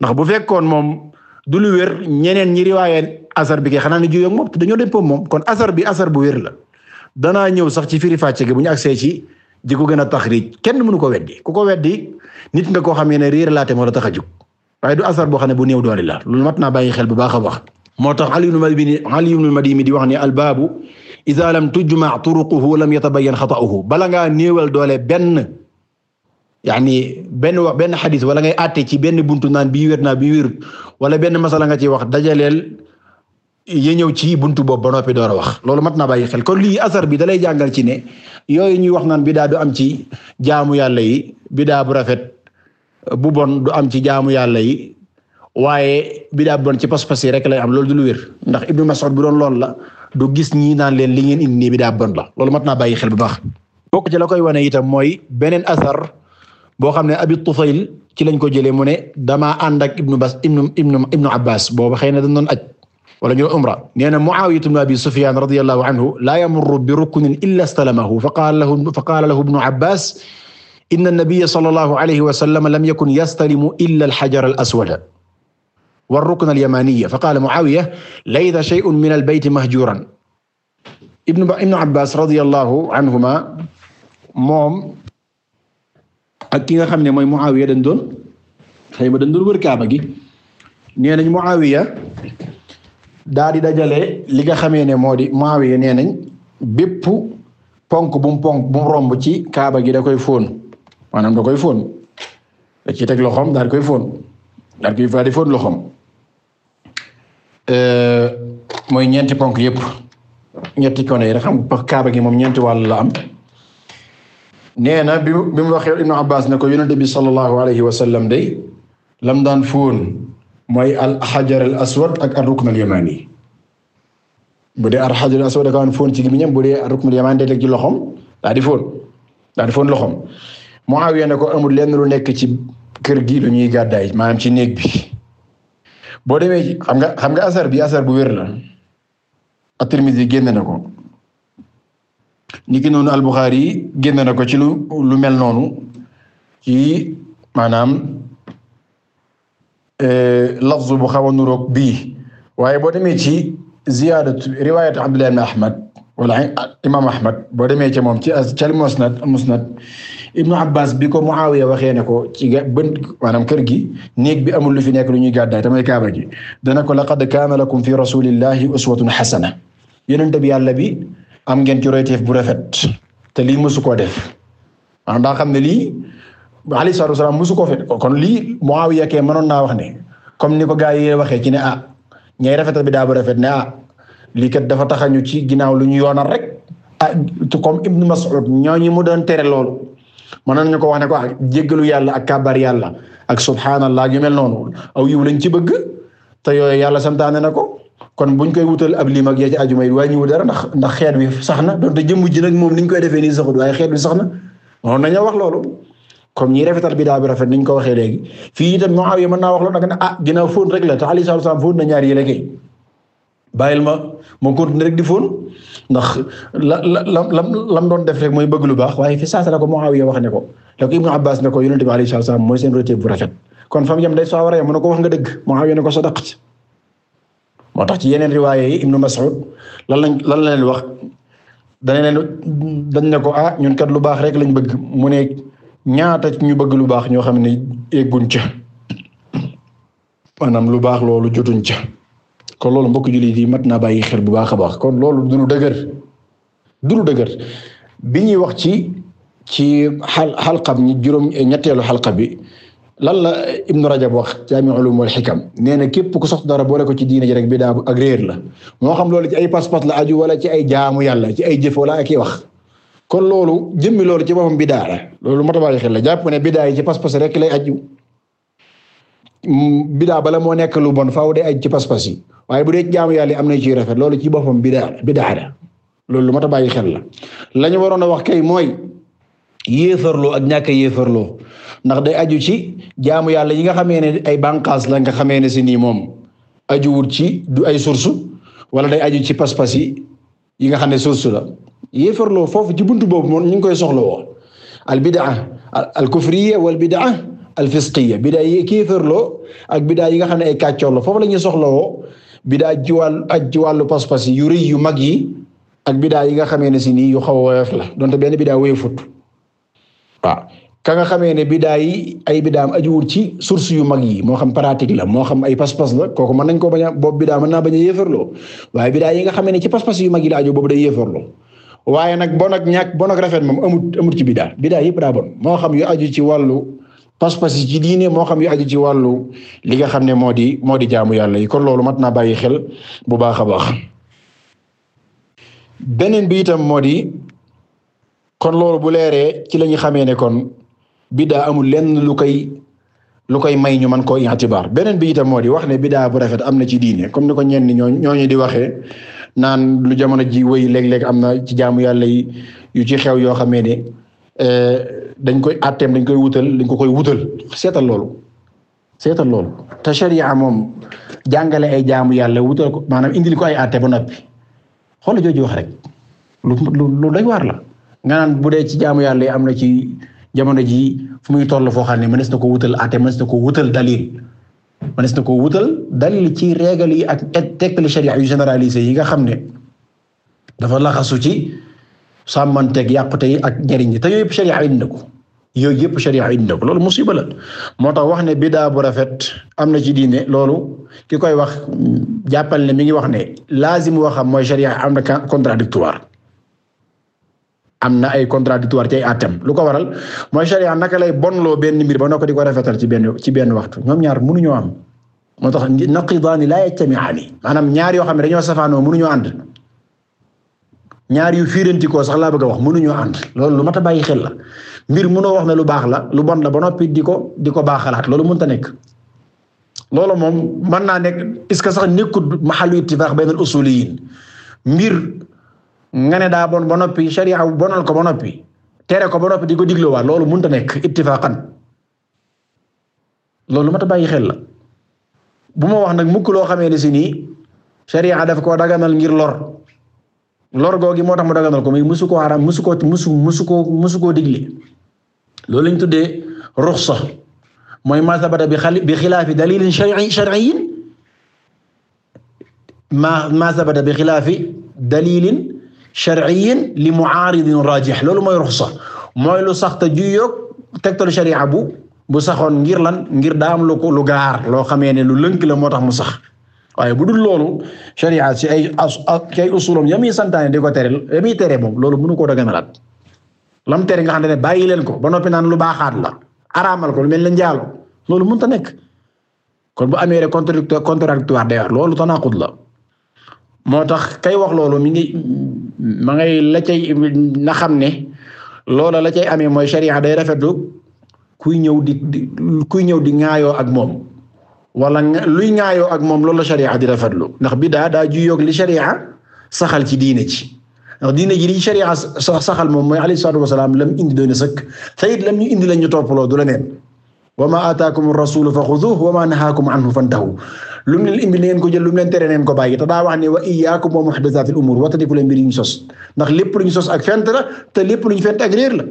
ndax bu fekkoon moom du lu weer ñeneen ñi riwaayee asar bi kay xanaa ne juyoo ak moom te dañoo dëppoo moom kon asar bi asar bu wér la danaa ñëw sax ci firi fàcce gi bu ñu agsee ci ji ko gën a taxriij kenn mënu ko weddi ku ko weddi nit nga koo xam ne réer laate moo la tax a jug waaye du asar boo xam ne bu néew doole la loolu mat naa bàyyi xel bu baax a wax. moo tax Ali ibn Madini Ali ibn Madini di wax ne albaabu idaa lam tujma turuquhu lam yatabayyan xata'uhu bala ngaa néewal doole benn. yaani benn wax benn xadis wala ngay àtte ci benn buntu naan bii wér naa bii wérut wala benn masala nga ciy wax dajaleel yi ñëw ci buntu boobu ba noppi door a wax loolu mat na bàyyi xel kon lii asar bi dalay jàngal ci ne yooyu ñuy wax naan bidaa du am ci jaamu yàlla yi bidaa bu rafet bu bon du am ci jaamu yàlla yi waaye bidaa bu ci pas-pas am loolu du lu wér ndax Ibnu Mas'ud bu doon loolu la du gis ñii naan leen li ngeen indi nii bidaa bu bon la mat naa bàyyi xel bu baax. bokk la koy wane itam mooy beneen asar. boo xam ne Abi Tufayl ci lañ ko jëlee mu ne damaa ànd ak ibnu bas ibnu ibnu ibnu Abbas booba xëy na dañ doon aj wala ñu umra nee na Muawiya ibnu Abi Sufyan radiyallahu anhu laa yamurru bi ruknin illa istalamahu fa qaala lahu fa qaala lahu ibnu Abbas inna nabiyya sallallahu alayhi wa sallam lam yakun yastalimu illa al-hajar al-aswad wa ar-rukn al-yamaniyya fa qaala Muawiya laysa shay'un min al-bayt mahjuran ibnu ibnu Abbas radiyallahu anhuma moom ak ki nga xam ne mooy Muawiya dañ doon xëy ma dañ doon wër kaaba gi nee nañ Muawiya daa dajale li nga xamee ne moo di Muawiya nee nañ bépp ponk bu ponk bu romb ci kaaba gi da koy fóon maanaam da koy foon da ci teg loxoom daal koy foon daal di koy daal di fóon loxoom euh, mooy ñeenti ponk yëpp ñetti kone yi rek xam kaaba gi moom ñeenti wàll am. nee na bi bi mu waxee Ibnu Abbas na ko yonente bi sallallahu alayhi wa sallam day lam daan fóon mooy al xajar al aswad ak ar rukn al yamani bu dee al xajar al aswad dakaan fóon ci gimiñam bu dee ar rukn yamani day ci loxom daa di fóon daa di fóon ko amul lenn lu nekk ci kër gi lu ñuy gàddaay maanaam ci néeg bi boo demee xam nga xam nga asar bi asar bu wér la at-Tirmidhi génne na ko ni ki noonu al yi génne na ko ci lu lu mel noonu ci maanaam eh, lafzu bu xaw a nuroog bii waaye boo demee ci ziyaadatu riwaayatu Abdullah ibn Ahmad wala imaam Ahmad boo demee ci moom ci ca musnad musnad Ibnu Abbas bi ko Muawiya waxee ne ko ci bën maanaam kër gi néeg bi amul lu fi nekk lu ñuy gàddaay tamay kaaba gi dana ko laqad kaana lakum fi rasulillahi uswatun hasana yonente bi yàlla bi am ngeen ci royteef bu rafet te lii mësu koo def maanaam daa xam ne lii alayhi salaatu wasalaam mësu koo fet kon lii Muawiya kee mënoon naa wax ne comme ni ko gaa yi waxee ci ne ah ñay rafetal bi daa bu rafet ne ah lii kat dafa taxañu ci ginaaw lu ñu yoonal rek ah comme Ibnu Mas'ud ñooñu mu doon tere loolu mën nañu ko wax ne ko ah jéggalu yàlla ak kabar yàlla ak subhanallah yu mel noonu aw yiw lañ ci te yooyu yàlla santaane na ko kon buñ koy wutal ab lim ak yaa ci aju may wàññiwu dara ndax ndax xeet wi sax na donte jëmm ji nag moom niñ koy defee nii saxut waaye xeet wi sax na noonu nañoo wax loolu comme ñi rafetal bidaa bi rafet niñ ko waxee léegi fii itam Muawiya mën naa wax loolu nag ne ah ginnaaw fóon rek la te aleyhi salaatu salaam fóon na ñaar yi la kay bàyyil ma ma continuer rek di fóon ndax la la lam lam doon def rek mooy bëgg lu baax waaye fi saasa la ko Muawiya wax ne ko la ko Ibnu Abbas ne ko yonente bi aleyhi salaatu salaam mooy seen roté bu rafet kon fam yam day soo war a yam mu ne ko wax nga dëgg Muawiya ne ko sadaqt moo tax ci yeneen riwaaye yi Ibnu Mas'ud lan lañ lan la leen wax dañ leen dañ ne ko ah ñun kat lu baax rek lañ bëgg mu ne ñaata ñu bëgg lu baax ñoo xam ne egguñ ca maanaam lu baax loolu jotuñ ca kon loolu mbokk jullit yi mat naa bàyyi xel bu baax a baax kon loolu du dëgër du dëgër bi ñuy wax ci ci xal xalqa bi juróom ñetteelu xalqa bi lan la Ibnu Rajab wax jaami ulum wal xikam nee na képp ku sox dara boole ko ci diine ji rek bidaa ak réer la moo xam loolu ci ay pas-pas aju wala ci ay jaamu yàlla ci ay jëf wala ak i wax kon loolu jëmmi loolu ci boppam bidaa la loolu moo tax xel la jàpp ne bidaa yi ci pas-pas rek lay aju bidaa bala moo nekk lu bon faaw day ay ci pas-pas yi waaye bu dee jaamu yàlla am na ciy rafet loolu ci boppam bidaa la bidaa la loolu lu mat a bàyyi xel la la waroon a wax kay mooy yéefarloo ak ñàkk a ndax day aju ci jaamu yàlla yi nga xamee ne ay bànqaas la nga xamee ne si nii moom ajuwut ci du ay source wala day aju ci pas-pas yi yi nga xam ne source la yéefarloo foofu ci buntu boobu moom ñu ngi koy soxlawoo al bidaa al kufriya wal bida al fisqiya bidaa yi ak bidaa yi nga xam ne ay kàccoor la foofu la ñuy soxlawoo bidaa ci wàllu aj ci wàllu yu rëy yu mag yi ak bidaa yi nga xamee ne si nii yu xaw a woyof la donte benn bidaa woyofut waaw ka nga xamee ne bidaa yi ay bidaam ajuwul ci source yu mag yi moo xam pratique la moo xam ay pas-pas la kooku mën nañ ko bañ a boobu bidaa mën naa bañ a yéefarloo waaye bidaa yi nga xamee ne ci pas-pas yu mag yi la aju waaye nag bon ak ñàkk bon rafet moom amut amut ci bidaa bidaa yëpp daa bon moo xam yu aju ci wàllu pas-pas yi ci diine moo xam yu aju ci wàllu li nga xam ne moo di moo di jaamu yàlla yi kon loolu mat naa bàyyi xel bu baax a baax beneen bi itam moo di kon loolu bu leeree ci lañu xamee ne kon biddaa amul lenn lu koy lu koy may ñu man koo i'tibaar beneen bi itam moo di wax ne biddaa bu rafet am na ci diine comme ni ko ñenn ñooñu ñooñu di waxee naan lu jamono ji wéy léeg-léeg am na ci jaamu yàlla yu ci xew yoo xamee ne eh, dañ koy àtteem dañ koy wutal dañ ko koy wutal seetal loolu seetal loolu te sharia moom jàngale ay jaamu yàlla wutal ko maanaam indil ko ay àtte ba noppi xool wax rek lu lu waar la nga naan bu dee ci jaamu yàlla yi am na ci jamono jii fu muy toll foo xam ne mënees na ko wutal ate mënees na ko wutal dalil mënees na ko wutal dalil ci régal yi ak tekkali sharia yu généralisé yi nga xam ne dafa laxasu ci teg yàqute yi ak njariñ yi te yooyu yëpp sharia ay na ko yooyu yëpp sharia indi na loolu musiba la moo tax wax ne bidaa bu rafet am na ci diine loolu ki koy wax jàppal ne mi ngi wax ne laazim xam mooy sharia am na contradictoire am na ay contradictoire ci ay àttam lu ko waral mooy sharia naka lay bon loo benn mbir ba noppi di ko rafetal ci benn ci benn waxtu ñoom ñaar mënuñoo am moo tax naqidaani laa yajtamiaani maanaam ñaar yoo xam ne dañoo safaanoo mënuñoo ànd ñaar yu fiirantikoo sax laa bëgg a wax mënuñoo ànd loolu lu mat a bàyyi xel la mbir mënoo wax ne lu baax la lu bon la ba noppi di ko di ko baaxalaat loolu ta nekk loolu moom mën naa nekk est-ce que sax nekkul maxalu ittifaax bayna al usuliyin mbir nga ne daa bon ba noppi sharia bonal ko ba noppi tere ko ba noppi di ko digloo waa loolu mënut a nekk ittifaqan loolu mat a bàyyi xel la bu ma wax nag mukk loo xamee ne si nii sharia daf koo daganal ngir lor lor googi moo tax mu daganal ko muy musu koo haram musu koo musu koo musu koo digle loolu lañ tuddee ruxsa mooy ma sabata bi xali bi xilaafi dalilin shar'i shar'iyyin ma ma sabata bi xilaafi dalilin sharciyin li muaaridin raajix loolu mooy ruxsa mooy lu sax te juyoog tegtalu sharia bu bu saxoon ngir lan ngir daam lu ko lu gaar loo xamee ne lu lënk la moo tax mu sax waaye bu dul loolu sharia ci ay ci ay usulam ya muy santaane di ko tere ya muy tere moom loolu mënu koo daganalaat lam tere nga xam ne bàyyi leen ko ba noppi naan lu baaxaat la araamal ko lu mel ne njaalo loolu mënut a nekk kon bu amee rek contradictoire contradictoire day war loolu tanaqud la moo tax kay wax loolu mi ngi ma ngay la cay na xam ne loola la cay amee mooy sharia day rafetlu kuy ñëw di kuy ñëw di ŋaayoo ak moom wala luy ŋaayoo ak moom loola sharia di rafetlu ndax bidaa daa juyoog li sharia saxal ci diine ci ndax diine ji li sharia saxal moom mooy alayhi salaatu wasalaam lam indi doon sëkk te it lam ñu indi la ñu toppaloo du la neen wa ma ataakum rasulu fa xuduhu wa ma nahaakum anhu fantahu lu mu leen indi neen ko jël lu mu leen tere ko bàyyi te daa wax ne wa iyyaakum wa muhdathatil umuur wattandiku leen mbir yi ñu sos ndax lépp lu ñu sos ak fent la te lépp lu ñu fent ak réer la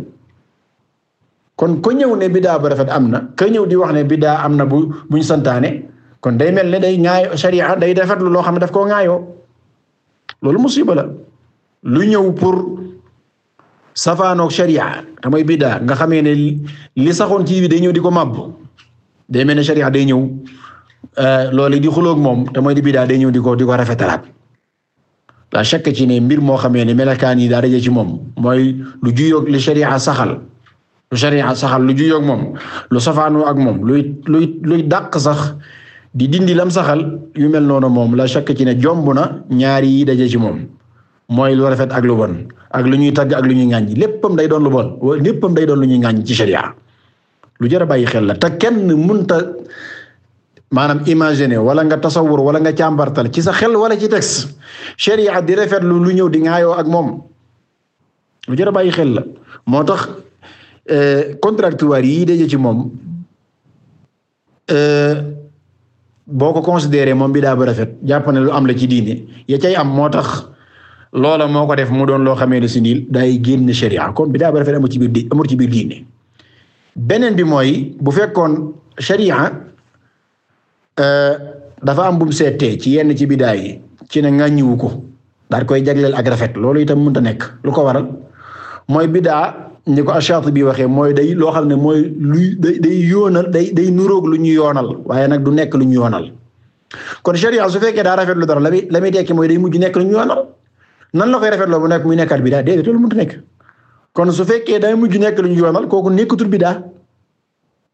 kon ko ñëw ne bidaa bu rafet am na ka ñëw di wax ne biddaa am na bu buñ santaane kon day mel ne day ŋaayo sharia day defetlu loo xam ne daf koo ŋaayoo loolu musiba la lu ñëw pour safaanoog sharia te mooy bidaa nga xamee ne li saxoon ci bi day ñëw di ko màbb day mel ne sharia day ñëw Euh, loolu di xuloog moom te mooy di bidaa day ñëw di ko di ko rafetalaat la chaque ci ne mbir moo xamee ne melakaan yi daa daje ci moom mooy lu juyoog li sharia saxal lu sharia saxal lu juyoog moom lu safaanoo ak moom luy luy luy dàq sax di dindi lam saxal yu mel noonu moom la chaque ci ne jomb na ñaari yi daje moom mooy lu rafet ak lu bon ak lu ñuy tagg ak lu ñuy ŋàññ léppam day doon lu bon léppam day doon lu ñuy ŋàññ ci sharia lu jar a bàyyi xel la te kenn mënta maanaam imaginer wala nga tasawur wala nga càmbartal ci sa xel wala ci texte sharia di rafetlu lu ñëw di ŋaayoo ak moom lu jar bàyyi xel la moo tax euh, contractuaire yi daje ci moom euh, boo ko considéré moom bi daa ba rafet jàpp ne lu am la ci diine ya cay am moo tax loola moo ko def mu doon loo xamee si niil day génn sharia bi daa ba rafet ci biir amul ci biir diine beneen bi mooy bu fekkoon sharia Eh, dafa am bu mu seetee ci yenn ci bidaa yi ci ne ŋàññiwu ko daal koy jagleel ak rafet loolu itam mënta nekk lu ko waral mooy bidaa ñi ko Ash-Shaatibi waxee mooy day loo xam ne mooy luy day day yoonal day day nuróog lu ñu yoonal waaye nag du nekk lu ñu yoonal kon sharia su fekkee daa rafet lu dara la la muy tekki mooy day mujj nekk lu ñu yoonal nan la koy rafetloo bu nekk muy nekkaat bidaa déedéet loolu mënta nekk kon su fekkee day mujj nekk lu ñu yoonal kooku nekkatul bidaa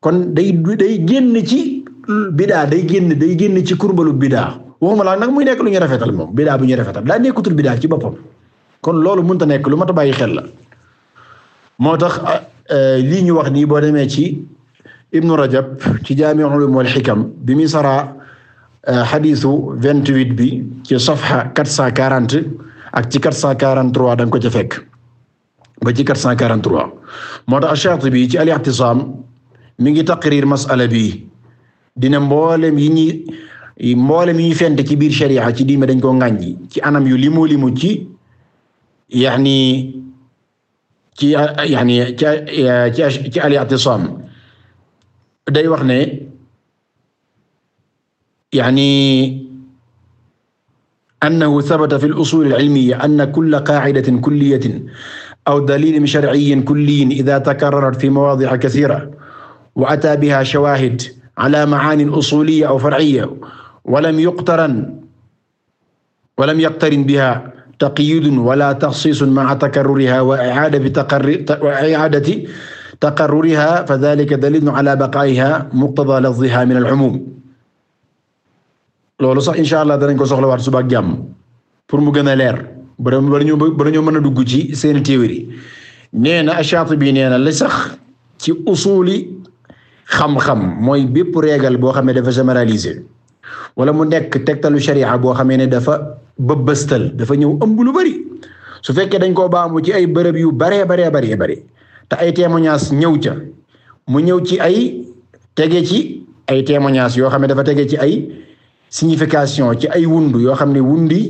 kon day day génn ci. bidaa day génn day génn ci kurbalu bidaa waxuma laa nag muy nekk lu ñu rafetal moom bidaa bu ñu rafetal daa nekkutul bidaa ci boppam kon loolu mënta nekk lu mat a bàyyi xel la moo tax eh, lii ñu wax nii boo demee ci Ibnu Rajab ci Jaami'ul Ulum wal Hikam bi mi sara eh, xadiisu vingt-huit bi ci safha quatre quarante ak ci quatre cent quarante-trois da nga ko ca fekk ba ci quatre cent quarante-trois moo tax Shaatibi ci Al-I'tisaam mi ngi taqrir masala bi dina mboolem yi ñuy mboolem yi ñu fent ci biir shari'a ci diime dañ ko ŋàññi ci anam yu limu limu ci yani ci yani ci ci al-i'tisam day wax ne yani أنه ثبت في الأصول العلمية أن كل قاعدة كلية أو دليل شرعي كلي إذا تكررت في مواضع كثيرة وأتى بها شواهد ala macanin usuliya aw farciya walam yuqtaran walam yaqtarin biha taqyidun wala taxsiisun maca takarruriha wa icaadati taqarruriha fa dalika dalilun ala baqaayiha muqtada lafdiha min alcumuum loolu sax incha allah danañ ko soxlawaat suba ak jàmm pour mu gën a leer bara barañu barañoo mën a dugg ci seen téewéri nee na Shaatibi nee na la sax ci usuli xam-xam mooy bépp régal boo xamee dafa généraliser wala mu nekk tegtalu sharia boo xamee ne dafa bëbëstal dafa ñëw ëmb lu bari su fekkee dañ koo baamu ci ay bërëb yu baree baree baree bari te ay témoignages ñëw ca mu ñëw ci ay tege ci ay témoignages yoo xam ne dafa tege ci ay signification ci ay wundu yoo xam ne wundi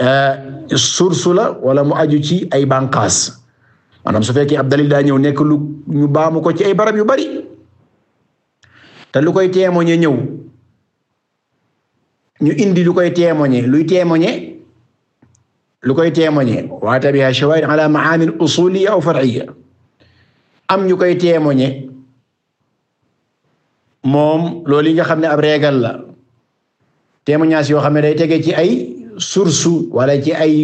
euh, source la wala mu aju ci ay banqaas maanaam su fekkee ab dalil daa ñëw nekk ñu baamu ko ci ay barab yu bari te lu koy témoigner ñëw ñu indi lu koy témoigner luy témoigner lu koy témoigner wa tabiha shawahid ala maani aw far'iyya am ñu koy témoigner moom loolu yi nga xam ne ab regal la témoignage yoo xam ne day tege ci ay source wala ci ay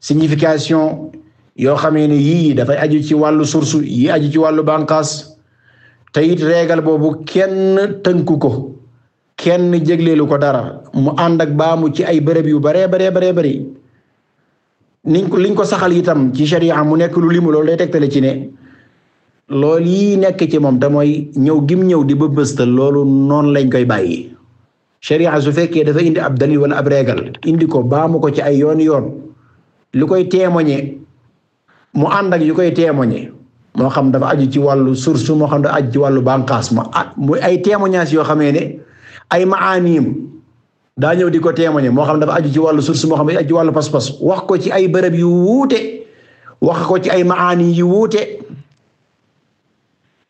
signification yoo xam ne yii dafay aju ci wàllu source yii aju ci wàllu bànqaas te it régal boobu kenn tënku ko kenn jegleelu ko dara mu àndak ak baamu ci ay bërëb yu baree baree baree bëri niñ ko liñ ko saxal itam ci sharia mu nekk lu limu loolu day tegtale ci ne lool yii nekk ci moom te mooy ñëw gim ñëw di bëbëstal loolu noonu lañ koy bàyyi sharia su fekkee dafa indi ab dalil wala ab régal indi ko baamu ko ci ay yoon yoon lu koy témoigner mu ànd yu koy témoigner moo xam dafa aju ci wàllu source moo xam dafa aju ci wàllu bànqaas ma ah muy ay témoignages yoo xamee ne ay maaniim daa ñëw di ko témoigner moo xam dafa aju ci wàllu source moo xam ne aju ci wàllu pas-pas wax ko ci ay bërëb yu wuute wax ko ci ay ma maani yu wuute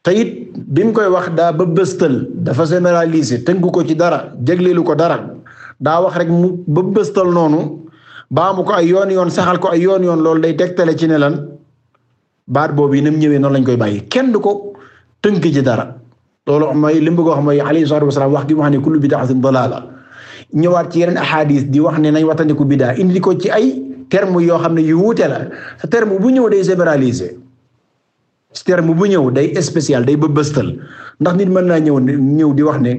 te it bi koy wax daa bëbëstal dafa généraliser tënku ko ci dara jégleelu ko dara daa wax rek mu bëbëstal noonu mu ko ay yoon yoon saxal ko ay yoon yoon loolu day tegtale ci ne lan. baat boobu yi nam ñëwee noonu lañ koy bàyyi kenn du ko tënk ci dara loolu mooy li mu bëgg a wax mooy alayhi salaatu wax gi mu wax ne kullu bid'atin dalaala ñëwaat ci yeneen ahadis di wax ne nañ wattandiku bidaa indi ko ci ay terme yoo xam ne yu wuute la terme bu ñëw day généraliser sa terme bu ñëw day spécial day bëbëstal ndax nit mën naa ñëw ñëw di wax ne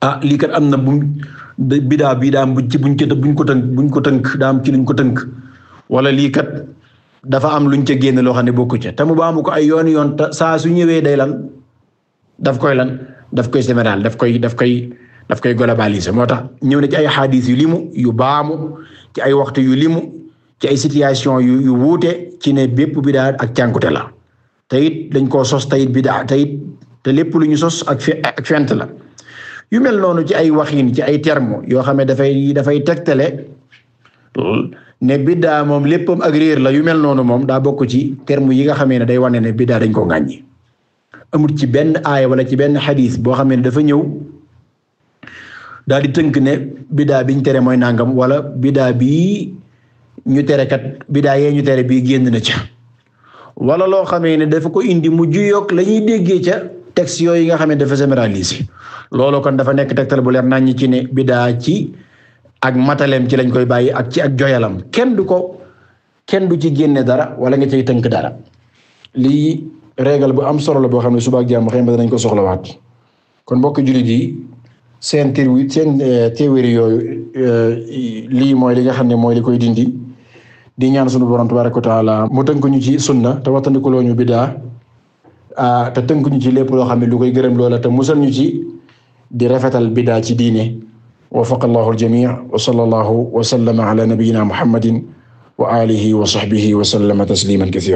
ah lii kat am na bu biddaa bii daam buñ ci buñ ko buñ ko tënk buñ ko tënk daam ci luñ ko tënk wala liikat dafa am luñ ca génn loo xam ne bokku ca te mu baamu ko ay yoon yoon te saa su ñëwee day lan daf koy lan daf koy général daf koy daf koy daf koy globaliser moo tax ñëw na ci ay xaadis yu limu yu baamu ci ay waxtu yu limu ci ay situation yu yu wuute ci ne bépp bidaat ak cànkute la te it dañ koo sos te it bidaa te it te lépp lu ñu sos ak ak yu mel noonu ci ay waxin ci ay terme yoo xam ne dafay dafay tegtale ne biddaa moom léppam ak la yu mel noonu moom daa bokk ci terme yi nga xame ne day wane ne biddaa dañ koo ŋàññi amut ci benn aaya wala ci benn xadis boo xamee ne dafa ñëw daal di tënk ne biddaa biñ tere mooy nangam wala biddaa bii ñu tere kat yee ñu tere bii génn na ca wala loo xamee ne dafa ko indi mu yokk la ñuy déggee ca texte yooyu nga xam ne dafa généraliser looloo kon dafa nekk tegtal bu leer nañ ci ne biddaa ci. ak mataleem ci lañ koy bàyyi ak ci ak joyalam kenn du ko kenn du ci génne dara wala nga cay tënk dara lii régal bu am solo la boo xam ne suba ak jàmm xëy na danañ ko soxlawaat kon mbokk jullit yi seen téewi seen eh, téewéri yooyu eh, lii mooy li nga xam ne mooy li koy dindi di ñaan sunu borom tabaraka wa mu tënk ñu ci sunna te wattandikuloo ñu biddaa ah, te tënk ñu ci lépp loo xam ne lu koy gërëm loola te musal ñu ci di rafetal biddaa ci diine wafaqa allahu aljamii wa sallallahu wa sallama ala nabiyyina muhammadin wa alihi wa sahbihi wa sallama tasliman kasiiran